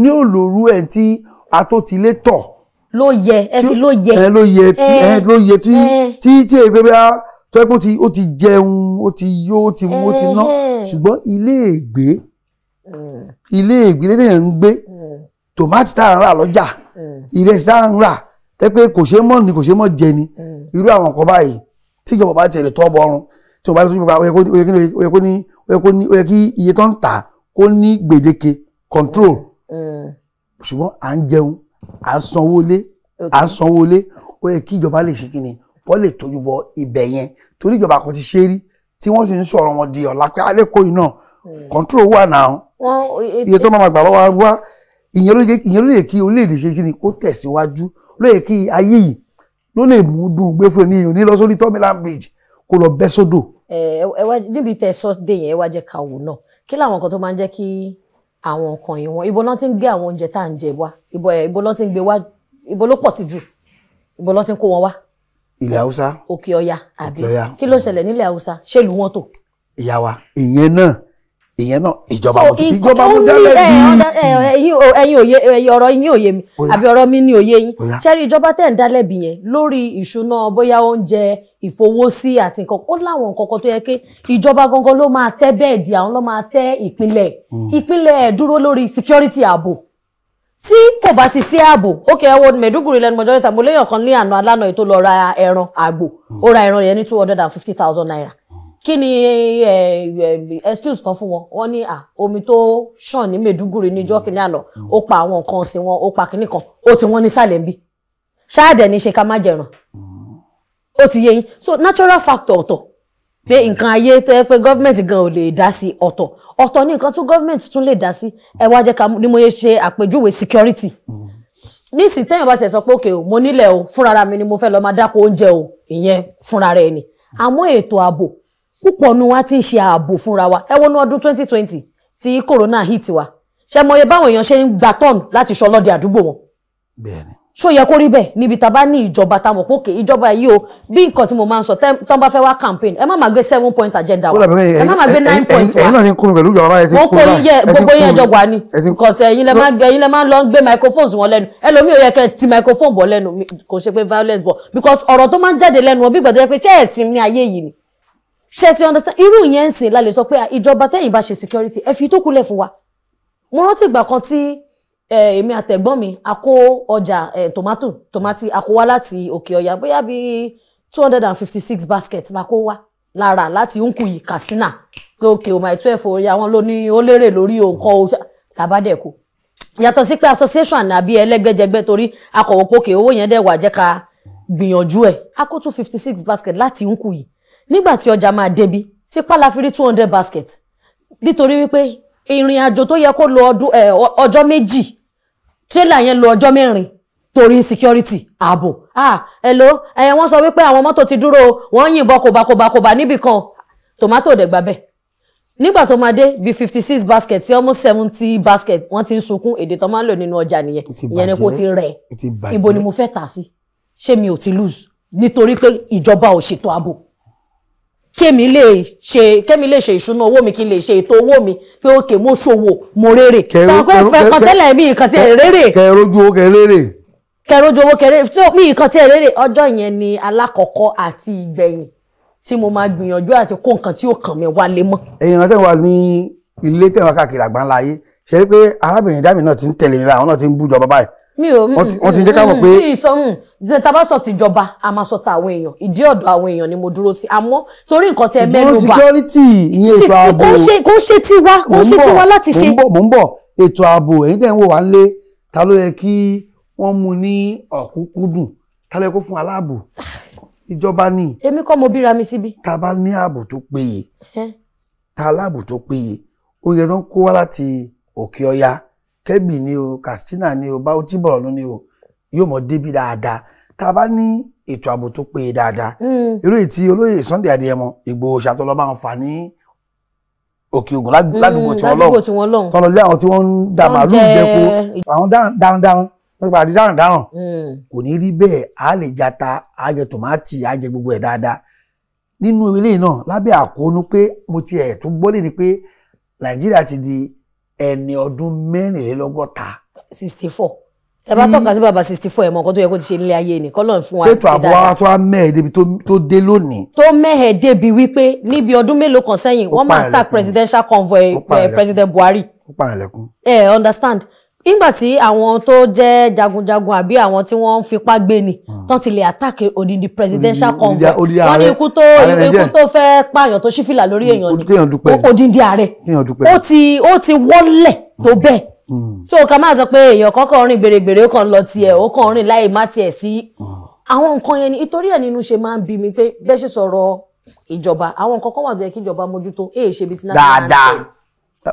ní òlòrú ẹ̀ tí atótilé tọ̀. ló yẹ ẹ fi ló yẹ. ẹ ló yẹ tí ẹ ló yẹ tí tí tí èyí pé bá tọ́pẹ́ tí ó ti jẹun ó ti yó ó ti mu ó ti ná ṣùgbọ́n ilé ègbé ilé ègbé lẹ́yìn ẹ̀ ń gbé tòmátì tá a ń rà lọ́jà ìrẹsì tá a ń rà tẹ́pẹ́ kò ṣe mọ́ ni kò ṣe mọ́ jẹ ni irú àwọn kan báyìí tíjọba bá tiẹ̀ lè tọ́ bọ́run tí o bá lọ́sọ́jú pàpà ó yẹ kí iye tó ń tà kó ní gbèdéke control mm. ṣùgbọ́n à ń jẹun à ń sanwó lé à ń sanwó lé ó yẹ kí ìjọba lè ṣe kí ni kó lè tójú bọ ibẹ̀ yẹn torí ìjọba kan ti ṣe rí tí wọ́n sì ń sọ̀rọ̀ wọn di ọ̀la pé alẹ́kọ̀ọ́ yìí náà mm. control wà náà iye tó máa gbà lọ́wọ́ wá ìyẹn ló lè kí orílẹ̀-èdè ṣe kí ni kó tẹ̀síwájú ló yẹ kí ayé yìí ló lè mú dùn gbé fún ẹ ní lọ sórí tọ́mílán bridge kó lọ bẹ́ sódò. ẹ wá níbi tẹ sọ dé yẹn ẹ wá jẹ́ ká wò náà kí làwọn nǹkan tó máa ń jẹ́ kí àwọn nǹkan yìí wọn ibo náà ti ń gbé àwọn oúnjẹ tá à ń jẹ wá ibo ẹ ibo náà ti ń gbé wá ibo ló pọ̀ sí jù ibo náà ti ń kó wọn wá. ilẹ̀ haúsá òkè ọya àbí kí ló ṣẹlẹ̀ nílẹ̀ haúsá ṣèlú wọn tò. ìyá wa ìyẹn náà ìyẹn náà ìjọba mo ti ìjọba mo dálẹ̀ bí. Eh, ẹ̀yin eh, eh, ẹ̀yin òye ẹ̀yin ọ̀rọ̀ yín òye mi àbí ọ̀rọ̀ mi ní òye yín ṣẹ́rí ìjọba tẹ̀ ń dálẹ̀ bì yẹn lórí ìṣúná bóyá oúnjẹ ìfowósí àti nǹkan ó láwọn nǹkan kan tó yẹ pé ìjọba gangan ló máa tẹ́ bẹ́ẹ̀ di àwọn ló máa tẹ́ ìpínlẹ̀ hmm. ìpínlẹ̀ dúró lórí security ààbò tí kò bá ti sí ààbò ókè ẹ wo Maiduguri lẹnu mọjọ níta mo léèyàn kan ní àná alánà ètò lọ ra ẹran àgbò hmm. ó ra ẹran yẹn ní two hundred and fifty thousand naira kí ni excuse tán fún wọn wọn ní à omi tó ṣàn ní Maiduguri níjọ́ kìnìún àná ó pa àwọn nǹkan ọ̀sìn wọn ó pa kìnìún kan ó ti wọ́n nísàlẹ̀ ń bí ṣáàdẹ̀ ní ṣe ká má jẹran ó ti yé yín so natural factor ọ̀tọ̀ pé nǹkan ayé tó yẹ pé gọ́ọ̀mẹ̀ntì gan ò lè dá sí ọ̀tọ̀ ọ̀tọ̀ ní nǹkan tó gọ́ọ̀mẹ̀ntì tún lè dá sí ẹ wá jẹ́ ká ní mo yẹ ṣe àpèjúwe security nísìnyí téèyàn bá tiẹ̀ sọ pé òkè o mo nílẹ̀ o fúnra mi o ìyẹn fúnra ni àmọ́ ètò ààbò púpọ̀ nu wa ti ń ṣe ààbò fúnra wa ẹ wọnú ọdún twenty twenty tí corona hit wa ṣe mọye báwọn èèyàn ṣe ń gba tọ́ọ̀nù láti ṣọlọ́dẹ àdúgbò wọn. bẹ́ẹ̀ni. ṣó yẹ kó rí bẹ́ẹ̀ níbi tá a bá ní ìjọba tá a mọ̀ pókè ìjọba yìí o bí nǹkan tí mo máa ń sọ tán bá fẹ́ wá campaign ẹ má máa gbé seven point agenda wa ẹ má máa gbé nine point wa. ẹ̀yin náà ti ń kó mi pẹ̀lú ìjọba báyìí ti ń kó mi gbogbo yẹn jọ wà ní because ẹ̀yin lẹ máa ń lọ gbé microphones wọn lẹ́nu ẹlòmíì ò yẹ kẹ́ ti microphone bọ̀ lẹ́nu kò ṣe pé violence bọ̀ because ọ̀rọ̀ tó máa ń jáde lẹ́nu wọn bí gbàdúrà pé ṣé ẹ̀sìn ní ayé yìí ni ṣe ti understand irú yẹn ń sìn la lè sọ pé ìjọba tẹ́yìn bá ṣe security ẹ fi tó kulẹ̀ fún wa mo rántí ìgbà kan tí èmi àtẹ̀gbọ́n mi a ọjà tomato tomati a kó wá láti òkè ọ̀yà bóyá bíi two hundred and fifty six basket la kó wá lára láti Nkuyi Katsina pé òkè o my twelve orí àwọn ló ní ó lérè lórí nǹkan o làbádẹ́ yàtọ̀ sí pé association àbí ẹlẹ́gbẹ́jẹgbẹ́ torí akọ̀wé pòkè owó yẹn dẹ̀ wà jẹ́ gbìyànjú ẹ̀ a two fifty six basket láti Nkuyi nígbà tí ọjà máa débi tí pálafiri two hundred basket nítorí wípé ìrìn àjò tó yẹ kó lo ọjọ́ méjì tírélà yẹn lo ọjọ́ mẹ́rin torí security ààbò ah hello ẹ̀yẹ wọ́n sọ wípé àwọn mọ́tò ti dúró wọ́n yìnbọn kòbákòbákòbá níbì kan tomato dẹ̀gbà bẹ́ẹ̀ nígbà tó máa dé bíi fifty six basket sí almost seventy basket wọ́n ti ń sunkún èdè tó máa ń lò nínú ọjà nìyẹn ìyẹn ni kò ti rẹ̀ ibo ni mo fẹ́ tà sí ṣé mi ò ti lose nítorí pé ìjọba ò ṣètò ààbò kémi lè ṣe kémi lè ṣe ìṣúná owó mi kí lè ṣe ètò owó mi pé òkè mo ṣòwò mo rèrè sọ pé fẹ kan tẹ́lẹ̀ mi nǹkan tí ẹ rèrè kẹrojú owó kẹrèrè kẹrojú owó kẹrèrè tí mi nǹkan tí ẹ rèrè ọjọ́ yẹn ni alákọ̀ọ́kọ́ àti ìgbẹ̀yìn tí mo máa gbìyànjú àti kó nǹkan tí ó kàn mí wálé mọ́. ẹ̀yin ọ̀tẹ̀ wà ní ilé tẹ̀wá káàkiri àgbáńlá ayé ṣe é pé arábìnrin dámì náà ti ń tẹ̀lé mi báyìí àwọn náà ti ń bújọ bàbá yìí mi ò mm, wọ́n ti jẹ́ ká mọ̀ mm, pé. Mm, mi ìsọmù tá a bá sọ tìjọba a máa sọ tàwọn èèyàn ìdí ọ̀dọ̀ àwọn èèyàn ni mo dúró sí àmọ́ torí nǹkan tẹ mẹ́nu bá. ṣùgbọ́n security ìyẹn ètò ààbò kò ṣe tiwa kò ṣe tiwa láti ṣe. mò ń bọ̀ ètò ààbò ẹ̀yin tẹ̀ ń wò wá ń lé ta ló yẹ kí wọ́n mú ní ọ̀kúnkúndùn ta ló yẹ kó fún aláàbò ìjọba ni. èmi kọ́ mo bíra mi síbi. ta bá ní ààbò tó péye ta aláàbò tó péye ó yẹ kó wá láti òkè ọya Kebbi ni o Katsina ni o Bauchi Borno ni o yóò mọ débi dáadáa tá a bá ní ètò ààbò tó péye dáadáa hmm. irú èyí tí olóyè Sunday Adéyẹmọ Ìgbòho ṣàtọlọ bá ń fà ní òkè Ògùn hmm, ládùúgbò tí wọn lọhùn tọnà lé àwọn tí wọn ń da màálù jẹko àwọn darandaran nípa àti darandaran kò ní rí bẹ́ẹ̀ a lè jata a jẹ tòmátì a jẹ gbogbo ẹ̀ dáadáa nínú ilé náà lábẹ́ àkóónú pé mo ti ẹ̀ tún gbọ́lé ni pé Nàìjíríà ti di ẹni ọdún mẹ́rìnlélọ́gọ́ta. sixty four ẹ bá tọ́ka sí bàbá sixty four ẹ̀ mọ nǹkan tó yẹ kó ti ṣe nílé ayé ni kọ́lọ́n fún wa ti dáadáa. tètò àbọ̀ wa tó wá mẹ́ẹ̀ débi tó dé lónìí. tó mẹ́ẹ̀ débi wípé níbi ọdún mélòó kan sẹ́yìn wọ́n máa ń ta presidential convoy eh, president Buhari. ó pààyàn lẹ́kún. ẹ understand nígbà tí àwọn tó jẹ́ jagunjagun àbí àwọn tí wọ́n ń fipá gbé ni ah. tán ti lè àtàkì odindi presidential convoy wọ́n ní ikú tó ikú tó fẹ́ pààyàn tó ṣí fìlà lórí èèyàn ni odindi ààrẹ ó ti ó ti wọ́lẹ̀ tó mm. bẹ́ẹ̀ tó o kà máa sọ pé èèyàn kọ́kọ́ rìn gbèrègbèrè ó kàn lọ tiẹ̀ ó kàn rìn láì má tiẹ̀ sí mm. àwọn nǹkan yẹn ni ìtorí ẹ̀ nínú ṣe máa ń bí mi pé bẹ́ẹ̀ ṣe sọ̀rọ̀ ìjọba àwọn nǹkan kan wà tó yẹ kí ìjọba mójútó èè ṣe bí ti náà. dáadáa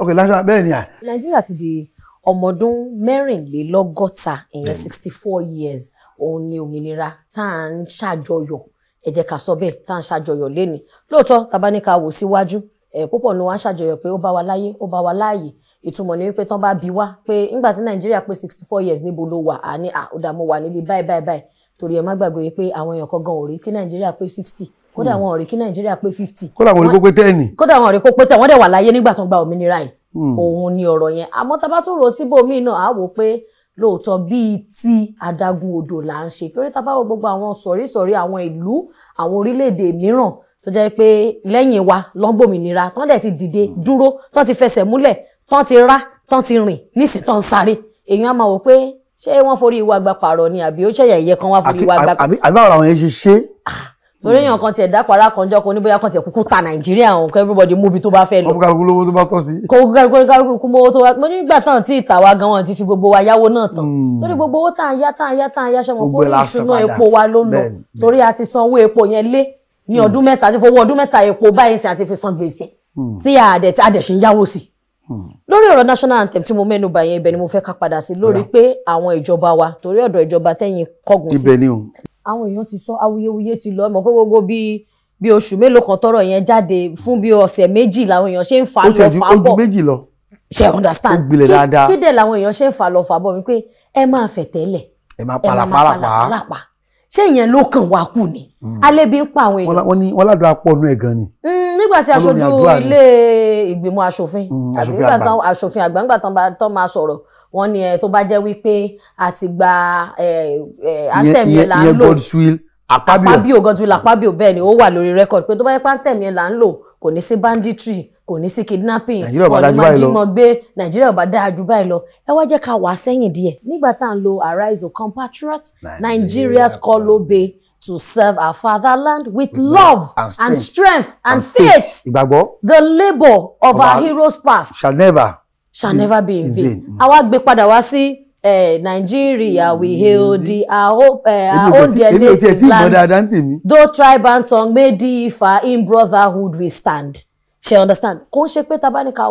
ok lásán bẹ́ẹ̀ ni à. Nàìjíríà ti di ọmọdún mẹ́rìnlélọ́gọ́ta ìyẹn sixty four years òun ni òmìnira tá à ń ṣàjọyọ̀ ẹ jẹ́ ká sọ bẹ́ẹ̀ tá à ń ṣàjọyọ̀ lénìí lóòótọ́ tàbá ní ká wò síwájú ẹ̀ púpọ̀ ni wọ́n á ṣàjọyọ̀ pé ó bá wa láyé ó bá wa láàyè ìtumọ̀ ni wípé tán bá bi wá pé ńgbà tí nàìjíríà pé sixty four years níbo ló wà á ní àkódà mo wà níbi báyìí báyìí báyìí torí ẹ má gbàgbé wípé àwọn èèyàn kan gan ò rí kí nàìjíríà pé sixty kódà hmm. wọn ò rí kí nàìjíríà pé fifty. kódà wọn ò rí kó pé tẹ́ẹ̀nì. kódà wọn ò rí kó pé tẹ́ẹ̀nì wọ́n dẹ̀ wà láyé nígbà tó gba òmìnira yìí Hmm. òun ni ọ̀rọ̀ yẹn àmọ́ tá a bá tún rò síbòmíì náà á wò pé lóòótọ́ bíi ti adágún odò là ń ṣe torí tá a bá wo gbogbo àwọn sọ̀rísọ̀rí àwọn ìlú àwọn orílẹ̀-èdè mìíràn tó jẹ́ pé lẹ́yìn wa lọ́gbòmìnira tán dẹ̀ ti dìde hmm. dúró tán ti fẹsẹ̀ múlẹ̀ tán ti rá tán ti rìn nísìn tán sáré èèyàn á máa wò pé ṣé wọ́n forí ìwà àgbà pààrọ̀ ni àbí ó ṣẹ̀yà ìyẹ kan wá forí ìwà àgbà. àbí àwọn àwọn yẹn torí èèyàn kan tiẹ̀ dápàrà kan jọ́ kan oníbóyá kan tiẹ̀ kúkú ta nàìjíríà òun kọ́ everybody mú ibi tó bá fẹ́ lọ. kó kálukú lówó tó bá tọ́ sí. kó kálukú mówó tó wá pé nígbà tán tí ìta wa gan wọn ti fi gbogbo wa yáwó náà tán hmm. torí gbogbo owó tá à ń yá tá à ń yá tá à ń yá ṣọmọ kó ìṣúná epo wa ló lọ torí a ti san epo yẹn lé ní hmm. ọdún mẹ́ta àti fowó ọdún mẹ́ta epo báyìí sì àti fi san gbèsè hmm. tí àdẹ̀ ṣe ń yáwó sí lórí ọ̀rọ̀ national anthem tí mo mẹ́nu bà yẹn ibẹ̀ ni mo fẹ́ ká padà sí lórí pé àwọn ìjọba wa torí ọ̀dọ̀ ìjọba tẹ́yìn kọ́gùn sí ni o àwọn èèyàn ti sọ awuyewuye ti lọ mọ̀ pé gbogbo bíi bíi oṣù mélòó kan tọrọ yẹn jáde fún bíi ọ̀sẹ̀ méjì làwọn èèyàn ṣe ń fà lọ fà bọ̀ ó méjì lọ ṣe understand kí dẹ̀ làwọn èèyàn ṣe ń fà lọ fà bọ̀ wípé ẹ máa fẹ̀tẹ́lẹ̀ ẹ máa palapalapa ṣé ìyẹn ló kàn wá kù ni hmm. alẹ́bí ń pa àwọn èèyàn. wọ́n ní wọ́n ládùn apọ̀ ọ̀nù ẹ̀ gan ni. Hmm, nígbà tí aṣojú ilé ìgbìmọ̀ asòfin hmm, àgbà ńgbà tán máa sọ̀rọ̀ wọ́n ní ẹ tó bá jẹ́ wípé àti gba anthem yẹn là ń lò God's will àpábíò àpábíò God's will àpábíò bẹ́ẹ̀ ni ó wà lórí record pé tó bá jẹ́ pé anthem yẹn là ń lò kò ní sí banditry kò ní sí kidnapping kò ní máa jímọ̀ gbé nàìjíríà ọba dáa jù báyìí lọ ẹ wá jẹ́ ká wà sẹ́yìn díẹ̀ nígbà tá à ń lo arise o compatriot Nigeria's call obe to serve our fatherland with love and strength and, faith, faith. the labour of, our, our heroes past shall never shall never be in vain àwa gbé padà wá sí nàìjíríà we mm. hail the our own dear native land though tribe and tongue may differ in brotherhood we stand ṣe understand kò ń ṣe pé tá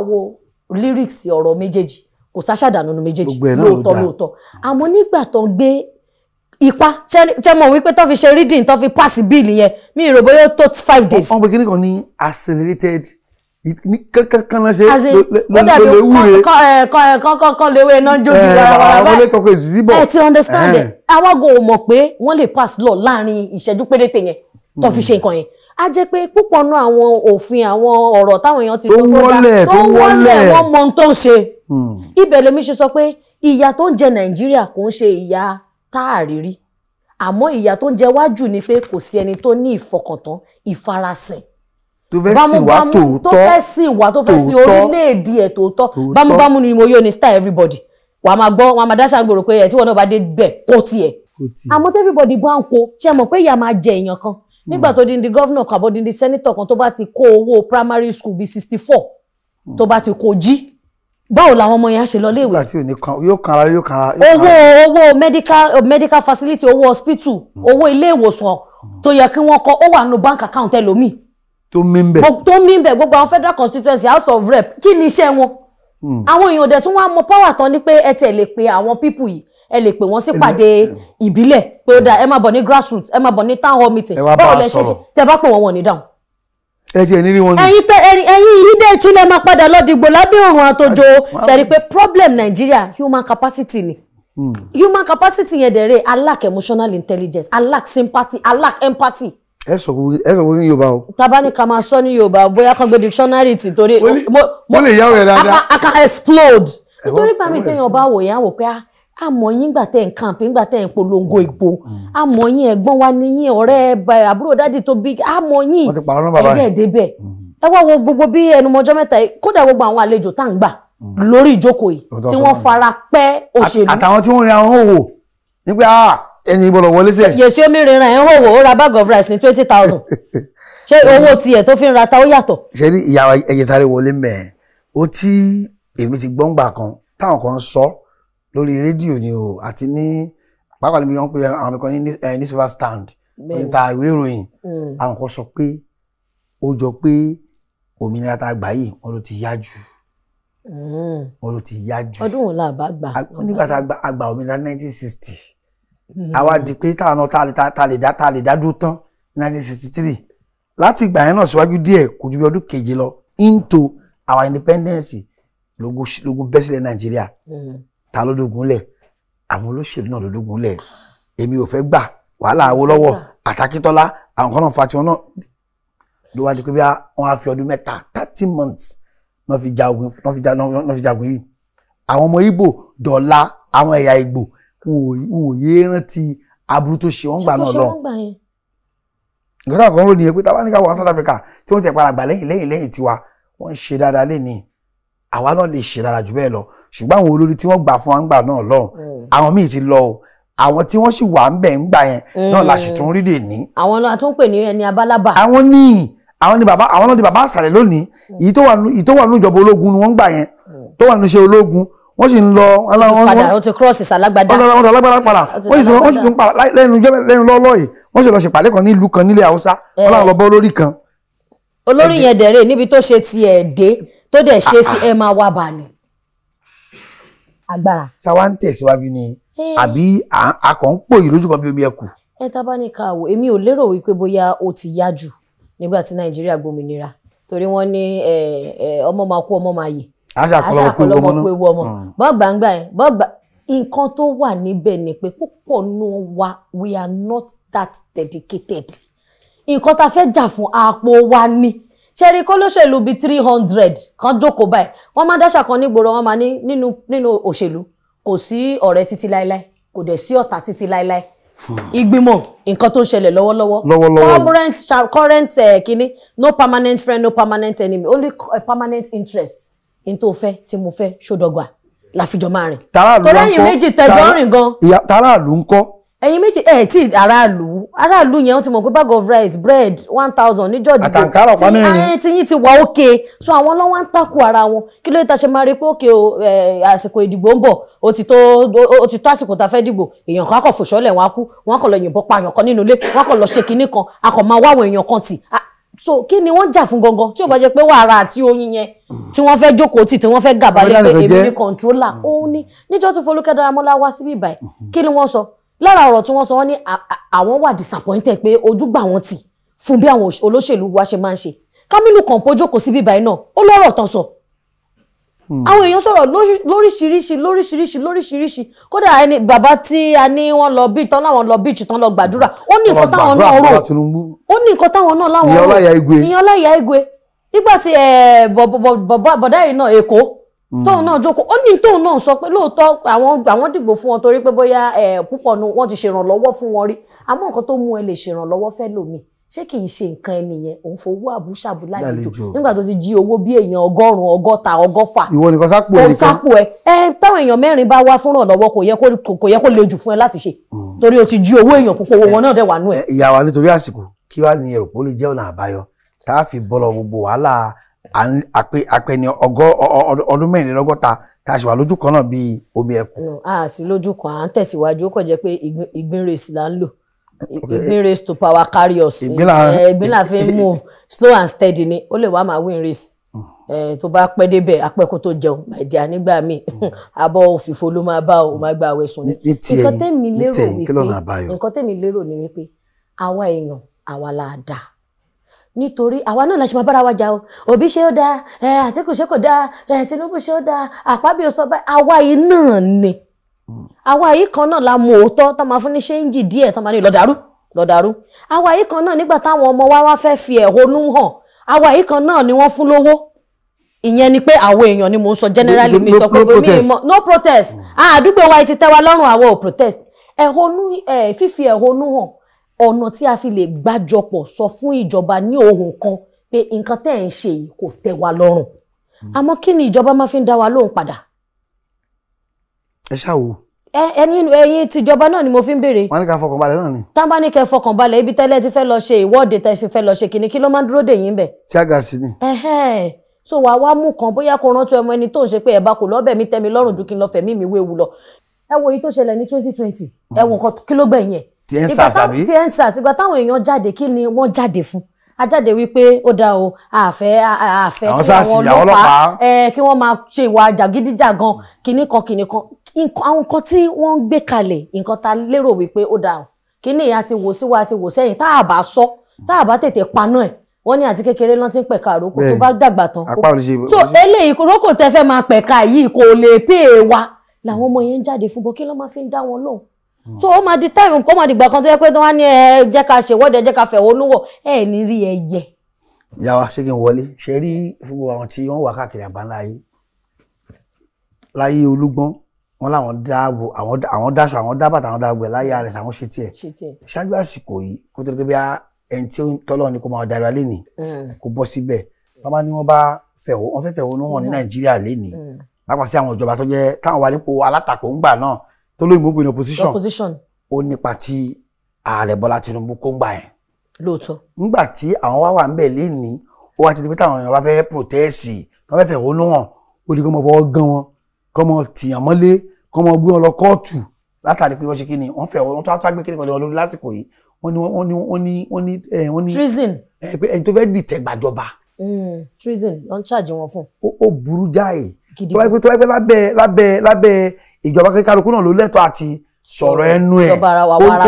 wo lyrics ọ̀rọ̀ méjèèjì kò sáṣàdànù nu méjèèjì lóòótọ́ lóòótọ́ àmọ́ nígbà tó ń gbé ipa ṣe mọ̀ wípé tó fi ṣe reading tó fi pass bill yẹn mi ì rò tó five days. wọ́n pe kí kan ní accelerated kankan ṣe lè wúre. kankan lè wé iná jó di warawara báyìí. àwọn elétò kò sí bọ̀. ẹ ti understand ẹ eh. àwọn go mọ̀ pé wọ́n lè pass law láàrin ìṣẹ́jú péréte yẹn tó fi hmm. ṣe nǹkan yẹn a jẹ́ pé púpọ̀ náà àwọn òfin àwọn ọ̀rọ̀ táwọn èèyàn ti sọ tó wọlé tó wọlé wọ́n mọ ohun tó ń ṣe. Hmm. ibẹ̀ lèmi ṣe sọ pé ìyà tó ń jẹ nàìjíríà kò ń ṣe ìyà táàrírí àmọ́ ìyà tó ń jẹ wájú ni pé kò sí ẹni tó ní ìfọkàntán ìfarasìn tó fẹ́ sì wá tòótọ́ tó fẹ́ sì wá tó fẹ́ sì orílẹ̀-èdè ẹ̀ tòótọ́ bámúbámú ni mo yóò ní style everybody wàá máa gbọ́ wàá máa dáṣà gbòòrò pé ẹ̀ tí wọn náà bá dé bẹ̀ kó tiẹ̀ àmọ́ tó everybody bá ń kó ṣe mọ̀ pé ìyá máa jẹ èèyàn kan hmm. nígbà tó di di gọ́vnà kan àbọ̀ di di sẹ́nitọ̀ kan tó bá ti kó owó primary school bíi sixty four hmm. tó bá ti kó jí báwo làwọn ọmọ yẹn á ṣe lọ léèwé. sígbà tí kan yóò kan yóò kan owó owó medical eh, medical facility owó hospital hmm. owó ilé ìwòsàn tó yẹ kí wọ́n kọ́ ó wà nù bank account ẹlòmíì tó mí ń bẹ̀. tó mí ń gbogbo àwọn federal constituency house of rep kí ni iṣẹ́ wọn. Hmm. àwọn èèyàn dẹ̀ tún wá mọ power tán ni pé ẹ tẹ̀ lè pe àwọn pípù yìí ẹ lè pè wọ́n sí pàdé ìbílẹ̀ pé ó dà ẹ máa bọ̀ ní grassroots ẹ máa bọ̀ ní town hall meeting báwo lẹ ṣe ṣe tẹ bá pè wọ́n wọn ní dáhùn. ẹ ti ẹni rí wọn ni. ẹyin tẹ ẹyin yìí dé ìtúlẹ̀ máa padà lọ dìgbò lábẹ́ òrùn àtòjò ṣẹ̀rí pé problem Nigeria human capacity ni. Hmm. human capacity yẹn dẹ̀ rẹ̀ a lack emotional intelligence a sympathy a empathy ẹ sọ wo ní yorùbá o. tábà ní ká máa sọ ní yorùbá bóyá kan gbé dictionary ti torí. mo lè yáwó ẹ dáadáa. a kan explode. nítorí bá mi téèyàn bá wò yẹn á wò pé àmọ́ ah, yín gbà tẹ̀ ń kàǹpì ńgbà tẹ̀ ń polongo ìbò àmọ́ mm. yín ẹ̀gbọ́n wa níyìn ọ̀rẹ́ àbúrò dáàdì tó bí àmọ́ yín ẹ̀yẹ́ débẹ̀ mm. ẹ wá wo gbogbo bí ẹnumọjọ́ mẹ́ta kódà gbogbo àwọn àlejò tá à ń gbà mm. lórí ìjókòó yìí tí wọ́n fara pẹ́ òṣèlú. àtàwọn tí wọ́n rin àwọn òwò nígbà ẹni ìbọ̀lọ̀ wọlé sẹ́ẹ̀. yèsí omi ríran ẹ̀ ń ó ra bag of rice ní twenty thousand ṣé owó tiẹ̀ tó fi ń rata ó yàtọ̀. ṣe ní ìyàwó ẹyẹ sáré wọlé mẹ́ẹ̀ ó tí èmi ti gbọ́ngbà kan táwọn kan sọ lórí rédíò ni o àti ní pàápàá níbi wọn pe àwọn kan ní eh, newspaper stand níta ìwé ìròyìn hmm. àwọn kan sọ pé ó jọ pé òmìnira tá a gbà yìí wọn ló ti yá jù hmm. wọn ló ti yá jù ọdún wo la bá gbà. nígbà tá a gbà òmìnira nineteen sixty. Mm-hmm. àwa di pé táwọn náà ta lè dá ta lè dá dúró tán nineteen sixty three láti ìgbà yẹn náà síwájú díẹ̀ kò ju bí ọdún keje lọ into our independence lógún bẹ́ sílẹ̀ nàìjíríà mm-hmm. ta ló dógun lẹ̀ àwọn olóṣèlú náà ló dógun lẹ̀ èmi ò fẹ́ gbà wàhálà Awólọ́wọ̀ àtàkítọ́lá àwọn kan náà fa tiwọn náà ló wá di pé bí wọ́n á fi ọdún mẹ́ta thirty months náà fi jagun yìí àwọn ọmọ Ìgbò dọ̀la àwọn ẹ̀yà Ìgbò wọn ò yé rántí aburú tó ṣe wọ́n gbà náà lọ. nǹkan náà kan ló nìyẹn pé táwa ní ká wọ South Africa tí wọ́n ti padà gbà lẹ́yìn lẹ́yìn lẹ́yìn tiwa wọ́n ń ṣe dáadáa lénìí àwa náà lè ṣe dáadáa jù bẹ́ẹ̀ lọ ṣùgbọ́n àwọn olórí tí wọ́n gbà fún wa ń gbà náà lọ mm. àwọn míì ti lọ o àwọn tí wọ́n sì wà ń bẹ̀ ń gbà yẹn náà la sì tún rí dè ní. àwọn náà tún pè ní ẹni abálábà. àwọn níì àwọn ni bàbá àwọn náà di bàbá àṣàlẹ̀ lónìí èyí mm. tó wà nù ìjọba ológun ni wọ́n ń gbà yẹn mm. tó wà nù iṣẹ́ ológun wọ́n sì ń lọ aláwọ̀ padà wọ́n sì wọ́n tún padà lẹ́nu lẹ́nu lọ́lọ́ yìí wọ́n sì lọ ṣèpàdé kan ní kan nílẹ̀ haúsá wọ́n láwọn lọ bọ́ olórí kan. olórí yẹn dẹ̀rẹ̀ níbi tó ṣe ti ẹ̀ dé tó dẹ̀ ṣe sí ah, ah. ẹ máa wá bà ní. agbára. ṣáwa ń tẹ̀síwájú ni àbí akọ̀ ń pò yìí lójú kan bí omi ẹkù. ẹ tábà ní ká wò èmi ò lérò wípé bóyá o ti yá jù nígbà tí Nàìjíríà gbòmìnira torí wọ́n ní ọmọ máa kú ọmọ máa yè aṣàkọlọ́wọ́ pé wọ́n mọ́ mm. bọ́ gbangba yẹn bọ́ gbà nǹkan tó wà níbẹ̀ ni pé púpọ̀ nù wa we are not that dedicated nǹkan tá a fẹ́ jà fún àpò wa ni ṣẹ́rí kó lóṣèlú bíi three hundred kan jókòó báyìí wọ́n máa dáṣà kan nígboro wọ́n máa ní nínú nínú òṣèlú kò sí ọ̀rẹ́ títí láéláé kò dẹ̀ sí ọ̀tá títí láéláé hmm. ìgbìmọ̀ nǹkan tó ń ṣẹlẹ̀ lọ́wọ́lọ́wọ́ current current uh, kínní no permanent friend no permanent enemy only eh, permanent interest n tó fẹ́ tí mo fẹ́ ṣódọgba láfijọ máa rìn. tàràlù ńkọ́ tọ́lẹ́yìn méjì tẹjọ́ rìn gan. tàràlù ńkọ́. ẹ̀yin méjì ẹ̀ tí aráàlú aráàlú yẹn wọ́n ti mọ̀ pé bag of rice bread one thousand ní jọ́ọ̀dì. àtàǹkárọ̀ fámì rìn. tí tiyín ti wà ókè so àwọn lọ́wọ́ ń takò ara wọn kí ló dé ta ṣe máa rí pé òkè àsìkò ìdìbò ń bọ̀ ó ti tó ó ti tó àsìkò tá a fẹ́ dìbò èèyàn kan á kàn fòṣọ́lẹ̀ wọn á kú wọn á kàn lọ yìnbọn pa àyàn nínú ilé wọn á kàn lọ ṣe kinní kan a kàn máa wá àwọn èèyàn kan tì so kí ni wọ́n jà fún gangan tí o bá jẹ́ pé wàrà àti oyin yẹn tí wọ́n fẹ́ jókòó tì tí wọ́n fẹ́ gàba lé pé èmi ni kọńtrólà mm. òun ni níjọ́ tí Folúkẹ́ Dáramọ́lá wá síbí báyìí mm-hmm. kí ni wọ́n sọ lára ọ̀rọ̀ tí wọ́n sọ wọ́n ní àwọn wà disappointed pé ojúgbà wọn tì fún bí àwọn olóṣèlú wa ṣe máa ń ṣe Kámílù Kọ̀ǹpó jókòó síbí báyìí náà ó lọ́rọ̀ tán sọ Hmm. àwọn èèyàn sọ̀rọ̀ lóríṣiríṣi lóríṣiríṣi lóríṣiríṣi kódà ẹni bàbá tí a ní wọ́n lọ bí tán láwọn lọ bí ìtàn lọ gbàdúrà ó ní nǹkan táwọn náà rò ó ní nǹkan táwọn náà láwọn rò ìyanláyà igwe nígbà tí bọ̀dá yìí náà èkó hmm. tóun náà jókòó ó ní tóun náà sọ pé lóòótọ́ àwọn àwọn dìbò fún wọn torí pé bóyá púpọ̀ wọn ti ṣèrànlọ́wọ́ fún wọn rí àmọ́ nǹkan tó mú ẹ lè ṣèrànlọ́wọ́ fẹ́ lómi ṣé kì í ṣe nǹkan ẹni yẹn òun fowó àbúṣàbù lálejò nígbà tó ti jí owó bí èèyàn ọgọ́rùn-ún ọgọ́ta ọgọ́fà ìwọ nìkan sápò ẹ nìkan sápò ẹ ẹ táwọn èèyàn mẹ́rin bá wá fúnràn lọ́wọ́ kò yẹ kó yẹ kó le jù fún ẹ láti ṣe mm. torí o ti jí owó èèyàn púpọ̀ owó wọn náà dẹ̀ wà nú ẹ. ìyá wa nítorí àsìkò kí wàá ní ẹrù pé ó lè jẹ́ ọ̀nà àbáyọ tá a fi bọ́lọ̀ gbogbo wàhálà àpẹni ọdún mẹ́rìnlélọ́gọ́ta tá a ṣe wà lójú kan náà bíi omi ẹ̀kún. Mm, a sì lójú kan à ń tẹ̀síwájú ó kàn jẹ́ pé ìgbín rèsì là ń lò ìgbín race to power carriers. us ìgbín la eh, fi ń move slow and steady ni ó lè wá máa win race mm. eh, tó bá pẹ́ débẹ̀ apẹ́kó tó jẹun màìjà nígbà míì mm. abọ́ òfìfo ló máa bá o máa gba àwẹ̀ sùn ni nǹkan tẹ́mi lérò wípé nǹkan tẹ́mi lérò ni wípé àwa èèyàn àwa la dáa nítorí àwa náà la ṣe máa bára wa jà o òbí ṣe ó dáa eh, Àtíkù ṣe kò dáa Tinubu ṣe ó dáa àpábíyọ sọ báyìí àwa yìí náà ni àwa yìí kan náà la mọ òótọ́ tó máa fún ní ṣéǹjì díẹ̀ tó máa ní lọ́dàrú lọ́dàrú àwa yìí kan náà nígbà táwọn ọmọ wa wá fẹ́ fi ẹ̀hónú hàn àwa yìí kan náà ni wọ́n fún lówó ìyẹn ni pé àwọn èèyàn ni mò sọ generally mi sọ pé mi mọ no protest àdúgbò wa ti tẹ́ wa lọ́rùn àwa ò protest ẹ̀hónú fífi ẹ̀hónú hàn ọ̀nà tí a fi lè gbàjọpọ̀ sọ fún ìjọba ní ohun kan pé nǹkan tẹ́ ẹ̀ ń ṣe yìí kò tẹ́ wa lọ́rùn àmọ́ kí ni ìjọba máa fi ń dá wa lóhùn padà ẹ ṣáwo. ẹ ẹyin ẹyin tìjọba náà ni mo fi ń béèrè. wọn ní ká fọkàn balẹ̀ náà ni. tá a bá ní kẹ́ fọkàn balẹ̀ ibi tẹ́lẹ̀ ti fẹ́ lọ ṣe ìwọ́de tẹ́ ṣe fẹ́ lọ ṣe kìnní kí ló máa ń dúró dè yín bẹ̀. tí a ga sí ni. so wàá wá mú kan bóyá kó rántí ọmọ ẹni tó ń ṣe pé ẹ bá kò lọ́bẹ̀ mi tẹ́ mi lọ́rùn ju kí n lọ fẹ̀mí mi wéwu lọ. ẹ wo èyí tó ṣẹlẹ̀ ní twenty twenty ẹ wo nǹkan kí ló gbẹ̀yìn ẹ̀. ti ẹ̀ ń sà sàbí. ti ẹ̀ ń sà ìgbà táwọn èèyàn jáde kí ni wọ́n jáde fún ajáde wípé ó dá o àfẹ àfẹ kí àwọn ọlọ́pàá kí wọ́n máa ṣe ìwà jàgídíjàgan kìnnìkan kìnnìkan àwọn nǹkan tí wọ́n ń gbé kalẹ̀ nǹkan ta lérò wípé ó dáa kíní ìyá ti wò sí wa ti wò sẹ́yìn tá a bá sọ tá a bá tètè paná ẹ̀ wọ́n ní àti kékeré lọ́n ti ń pẹ̀ka àrókò tó bá dàgbà tán so eléyìí kórókò tẹ fẹ́ máa pẹ̀ka yìí kò lè pè é wa làwọn ọmọ yẹn ń jáde fún bọ́ kí ló máa fi ń dá wọn lóhùn tó hmm. o máa di táìmù kó máa dìgbà kan tó yẹ pé wọ́n á ní ẹ jẹ́ ká ṣèwọ́de ẹ jẹ́ ká fẹ̀hónú wọ̀ ẹ ní rí ẹyẹ. ìyá wa ṣé kí n wọlé ṣe rí gbogbo wọn làwọn dáàbò àwọn dáṣọ àwọn dábàtà àwọn dáàbò ẹ láyé àrẹsà àwọn ṣe tiẹ̀ ṣáájú àsìkò yìí kó tó dé bí ẹni tí tọ́lọ́ ni kò máa darí wa lénìí mm. kò bọ́ síbẹ̀ wọ́n bá ní wọ́n bá fẹ̀hó wọ́n fẹ́ fẹ̀hónú hàn ní mm. nàìjíríà lénìí lápá mm. sí àwọn ìjọba tó jẹ́ táwọn wà nípò alátakò ńgbà náà tó lóyìnbó gbé ní opposition ó nípa tí ààrẹ bọ́lá tinubu kó ńgbà yẹn. lóòótọ́. ń kọ́ mọ tìyàn mọ́lé kọ́ mọ gbé wọn lọ kóòtù látàrí pé wọ́n ṣe kíni wọ́n fẹ́ wọn tó àtàgbé kíni pẹ̀lú wọn lórí lásìkò yìí wọ́n ní wọ́n ní wọ́n ní wọ́n ní wọ́n ní. treason. ẹ pé ẹni tó fẹ́ dìtẹ̀ gbàjọba. Mm, treason ló ń ṣàjì wọn fún. ó burú jáì tó wáyé pé tó wáyé pé lábẹ́ lábẹ́ lábẹ́ ìjọba kíkálukú náà ló lẹ́tọ̀ọ́ àti sọ̀rọ̀ mm, ẹnu ẹ̀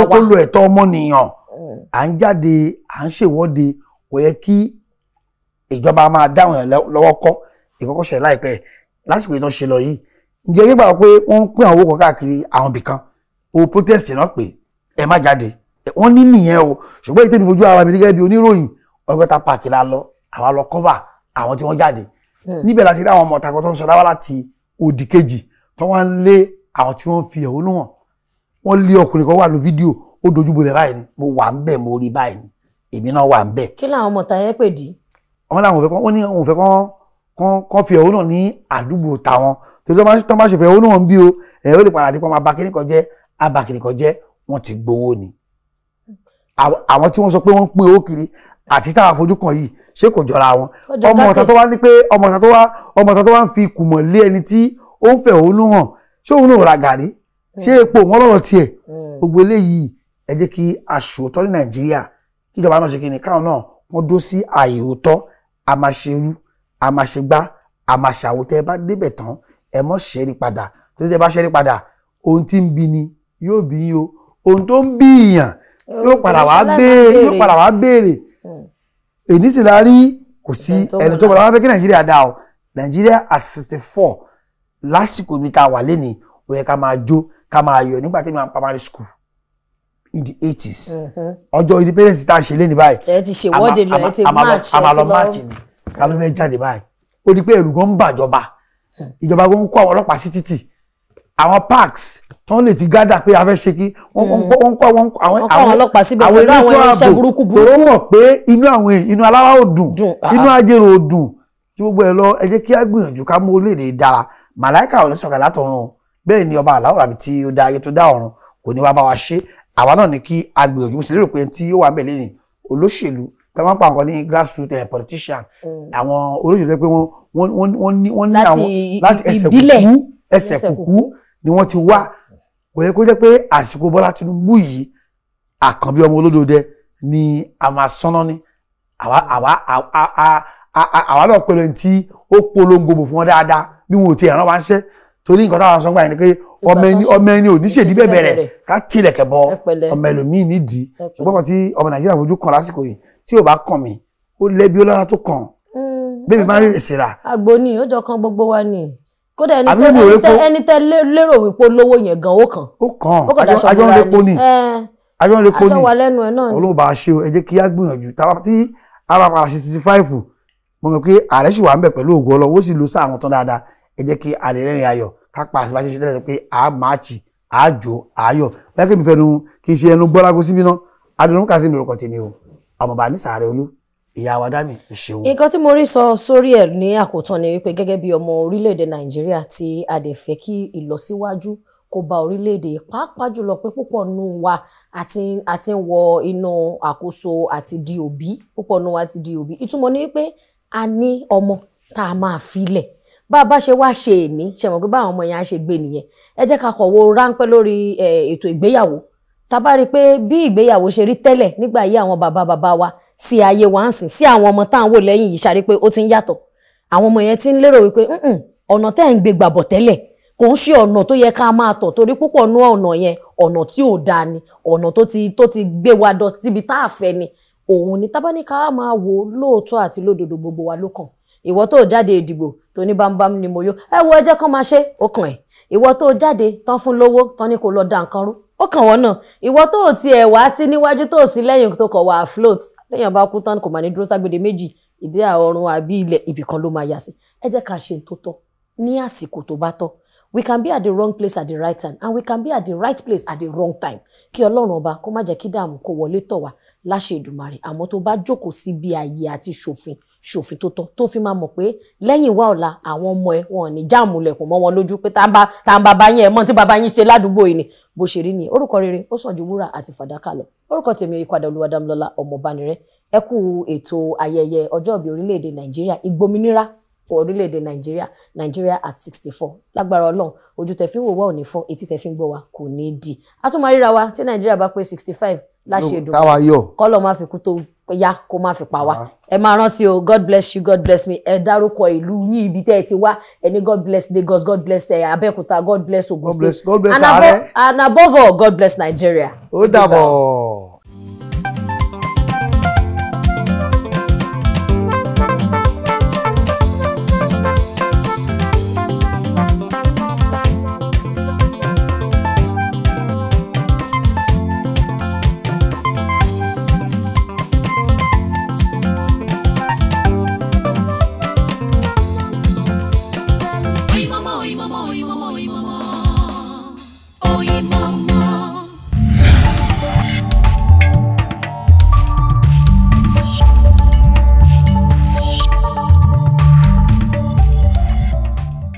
ó tó lo ẹ̀tọ́ ọmọnìyàn mm. à ń jáde à ń ṣèwọ́de kò yẹ kí ìjọba máa dáhùn ẹ̀ lọ́wọ́ kọ́ ìkọ́kọ́ ṣẹlẹ̀ láìpẹ́ lásìkò ìtàn ṣe lọ yìí ǹjẹ́ yípa pé wọ́n ń pín àwọn owó káàkiri àwọn ibìkan o protest náà pé ẹ má jáde wọ́n ní nìyẹn o ṣùgbọ́n ìtẹ́bi fojú ara mi gẹ́gẹ́ bí oníròyìn ọgọ́ta páàkì la lọ àwa lọ cover àwọn tí wọ́n jáde hmm. níbẹ̀ láti rí àwọn ọmọ ọ̀tàkọ́ tó ń sọdá wá láti òdì kejì tó wá ń lé àwọn tí wọ́n ń fi ẹ̀hónú hàn wọ́n lé ọkùnrin kan wà ní fídíò ó dojúbolẹ̀ báyìí ni mo wà ń bẹ̀ mo rí báyìí ni èmi náà wà ń bẹ̀. kí làwọn ọmọ ọ̀tà yẹn pè dí. ọmọ làwọn ò fẹ́ kọ́ kán fi ẹ̀hónú ní àdúgbò tàwọn tó tó bá ṣe fẹ́ ẹ̀hónú wọn bí o ẹ̀ ó lè padà dípọ̀ máa ba kíní kan jẹ́ àbá kíní kan jẹ́ wọ́n ti gbowó ni àwọn tí wọ́n sọ pé wọ́n ń pín owó kiri àti táwọn àfojúkàn yìí ṣé kò jọra wọn ọmọ ọ̀tá tó wá ní pé ọmọ ọ̀tá tó wá ọmọ ọ̀tá tó wá ń fi kùmọ̀ lé ẹni tí ó ń fẹ̀hónú hàn ṣé òun náà ra gàrí ṣé epo wọn lọ́rọ̀ tiẹ̀ hmm. gbogbo eléyìí ẹ jẹ́ kí aṣòótọ́ ní nàìjíríà kíjọba náà ṣe kí ni káwọn náà wọ́n dó sí àyè òótọ́ a máa ṣerú àmàṣegbá àmàṣàwò tẹ́ ẹ bá débẹ̀ tán ẹ mọ́ ṣẹ́rí padà tó tẹ́ ẹ bá ṣẹ́rí padà ohun tí ń bi ni yóò bí yín o ohun tó ń bí ìyàn yóò padà wá béèrè yóò padà wá béèrè hmm. èyí sì la rí kò sí ẹni tó padà wá fẹ́ kí nàìjíríà dá o nàìjíríà at sixty four lásìkò mi ta wà lẹ́nìí ó yẹ ká máa jó ká máa yọ nígbà tí mi wà primary school in the eighties mm-hmm. ọjọ́ independence tá a ṣe lẹ́nìí báyìí ẹ ti ṣèwọ́de lọ ẹ ti march ẹ ti lọ ká ló fẹ́ jáde báyìí ó di pé ẹ̀rù gan ń bàjọba ìjọba gan ń kó àwọn ọlọ́pàá sí títì àwọn parks tó ń lè ti gádà pé a fẹ́ ṣe kí wọ́n kọ́ àwọn àwọn ọlọ́pàá síbẹ̀ pẹ̀lú àwọn irinṣẹ́ burúkú burúkú tó mọ̀ pé inú àwọn e- inú alára ò dùn inú ajérò ò dùn tí gbogbo ẹ lọ ẹ jẹ́ kí á gbìyànjú ká mú orílẹ̀-èdè dára màláìka ò ní sọ̀kà látọ̀run bẹ́ẹ̀ ni ọba àláwọ̀ àbí tí ó dá ayé tó dá ọ̀run kò ní wá bá wa ṣe àwa náà ni kí a gbìyànjú mo sì lérò pé tí ó wà ń bẹ̀ lẹ́yìn olóṣèlú tá máa ń pa nǹkan ní grassroots eh, politician mm. àwọn olóṣèlú pé wọ́n ní àwọn láti ẹsẹ̀ kúkú ẹsẹ̀ kúkú ni wọ́n ti wá kò yẹ kó jẹ́ pé àsìkò Bọ́lá Tinubu yìí àkànbí ọmọ olódòdẹ ni a máa sánná ní àwa àwa àwa náà pẹ̀lú ẹni tí ó polongo bò fún wọn dáadáa bí wọn ò ti ẹ̀ràn wá ń ṣẹ́ torí nǹkan táwọn sọ́ngbà yìí ni pé ọmọ ẹni ọmọ ẹni oníṣèdí bẹ̀bẹ̀ rẹ̀ ká tilẹ̀kẹ̀ bọ ọmọ ẹlòmíì nídìí ṣùgbọ́n kan tí ọmọ Nàìjíríà fojú kan lásìkò yìí tí ò bá kàn mí ó lẹ́bi ó lára tó kàn mm, bébí máa ń rìn síra. àgbo ni ó jọ kan gbogbo wa ni kódà ẹni tẹ lérò wípé olówó yẹn gan ó kàn ó kàn àjọ ń lépo ni àjọ eh, ń lépo ni olóhùn bá a ṣe o ẹ jẹ́ kí á gbìyànjú tí a bá padà ṣe sixty five mo mọ̀ pé ààrẹ sì wà ń bẹ̀ pẹ̀lú ògùn ọlọ́wọ́ ó sì lo sáà wọn tán dáadáa ẹ jẹ́ kí ààrẹ rẹ́rìn ayọ̀ ká padà sí bá ṣe ṣe tẹ́lẹ̀ pé àá máàchì àájò àáyọ̀ bẹ́ẹ̀ kí mi fẹ́ nu kí n ṣe ẹnu gbọ́lágo síbi náà adùnúkà sí mi rọ̀kọ̀ tèmi o àmọ̀bà ní sàárẹ̀ olú ìyá wa dá mi ìṣèwò. nǹkan tí mo rí sọ sórí ẹ̀ ní àkótán ni wípé gẹ́gẹ́ bí ọmọ orílẹ̀-èdè nàìjíríà tí a dẹ̀ fẹ́ kí ìlọsíwájú kó bá orílẹ̀-èdè pàápàá jùlọ pé púpọ̀ nù wa àti àti wọ inú àkóso àti di òbí púpọ̀ nù wa ti di òbí ìtumọ̀ ni wípé a ní ọmọ tá a máa filẹ̀ bá a bá ṣe wá ṣe èmi ṣe mọ̀ pé báwọn ọmọ yẹn á ṣe gbé nìyẹn ẹ jẹ́ ká kọ̀ wo ráńpẹ́ lórí ètò ìgbéyàwó tá a bá rí i pé bí ìgbéyàwó ṣe rí tẹ́lẹ̀ nígbà yí àwọn bàbá bàbá wa sí ayé wa ń sìn sí àwọn ọmọ tá à ń wò lẹ́yìn yìí ṣàrí pé ó ti ń yàtọ̀ àwọn ọmọ yẹn ti ń lérò wípé ọ̀nà tẹ́ ẹ̀ ń gbé gbàbọ̀ tẹ́lẹ̀ kò ń ṣe ọ̀nà tó yẹ ká máa tọ̀ torí púpọ̀ nú ọ̀nà yẹn ọ̀nà tí ò dáa ni ọ̀nà tó ti tó ti gbé wa dọ̀ síbi tá a fẹ́ ni òun ni tábánikà máa wò lóòótọ́ àti lódodo gbogbo wa ló kàn ìwọ tó jáde ìdìbò tó ní bámbám ni mo yó ẹ wo ẹ jẹ́ kán máa ṣe ó kàn ẹ̀ ìwọ tó jáde tán fún lówó tán ní kó lọ da nǹkan rú ó kàn wọ́n náà ìwọ tó ò tiẹ̀ wá sí níwájú tó ò sí lẹ́yìn tó kọ̀ wá float lẹ́yìn bá kú tán kò máa ní dúró ságbèdè méjì ìdí àọrùn àbí ilẹ̀ ibì kan ló máa yà sí ẹ jẹ́ ká ṣe tó tọ́ ní àsìkò tó bá tọ́ we can be at the wrong place at the right time and we can be at the right place at the wrong time kí ọlọ́run ọba kó má jẹ́ kí dààmú kó wọlé tọ̀ wá láṣẹ Èdùmàrè àmọ́ tó bá jókòó sí bí àti ṣòfin ṣòfin tó tọ́ tó fi máa mọ̀ pé lẹ́yìn wá ọ̀la àwọn ọmọ ẹ wọn ní jáàmù lẹ̀kùn mọ́ wọn lójú pé tá n bá bá yín ẹ mọ́ tí bàbá yín ṣe ládùúgbò yìí ni bó ṣe rí nìyẹn orúkọ rere ó sàn ju wúrà àti fàdákà lọ orúkọ tèmi ìpadà olúwadámilọ́lá ọmọbanirẹ ẹ kú ètò ayẹyẹ ọjọ́bí orílẹ̀-èdè nàìjíríà ìgbòmìnira orílẹ̀-èdè nàìjíríà nàìjíríà at sixty four lágbára ọlọ́run ojú tẹ̀ fi ń wò wá ò ní fọ́ etí tẹ̀ fi ń gbọ́ wa kò ní í di a tún máa ríra wa tí nàìjíríà bá pé sixty five láṣẹ ìdùnnú kọ́lọ̀ máa fi kú tó pé yá kó má fi pa wá ah. ẹ máa rántí o god bless you god bless me ẹ dárúkọ ìlú yín ibi tẹ́ ẹ ti wá ẹ ní god bless Lagos god bless ẹ eh, Abẹ́òkúta god bless Ogun bless. and above all god bless Nigeria. ó dàbọ̀.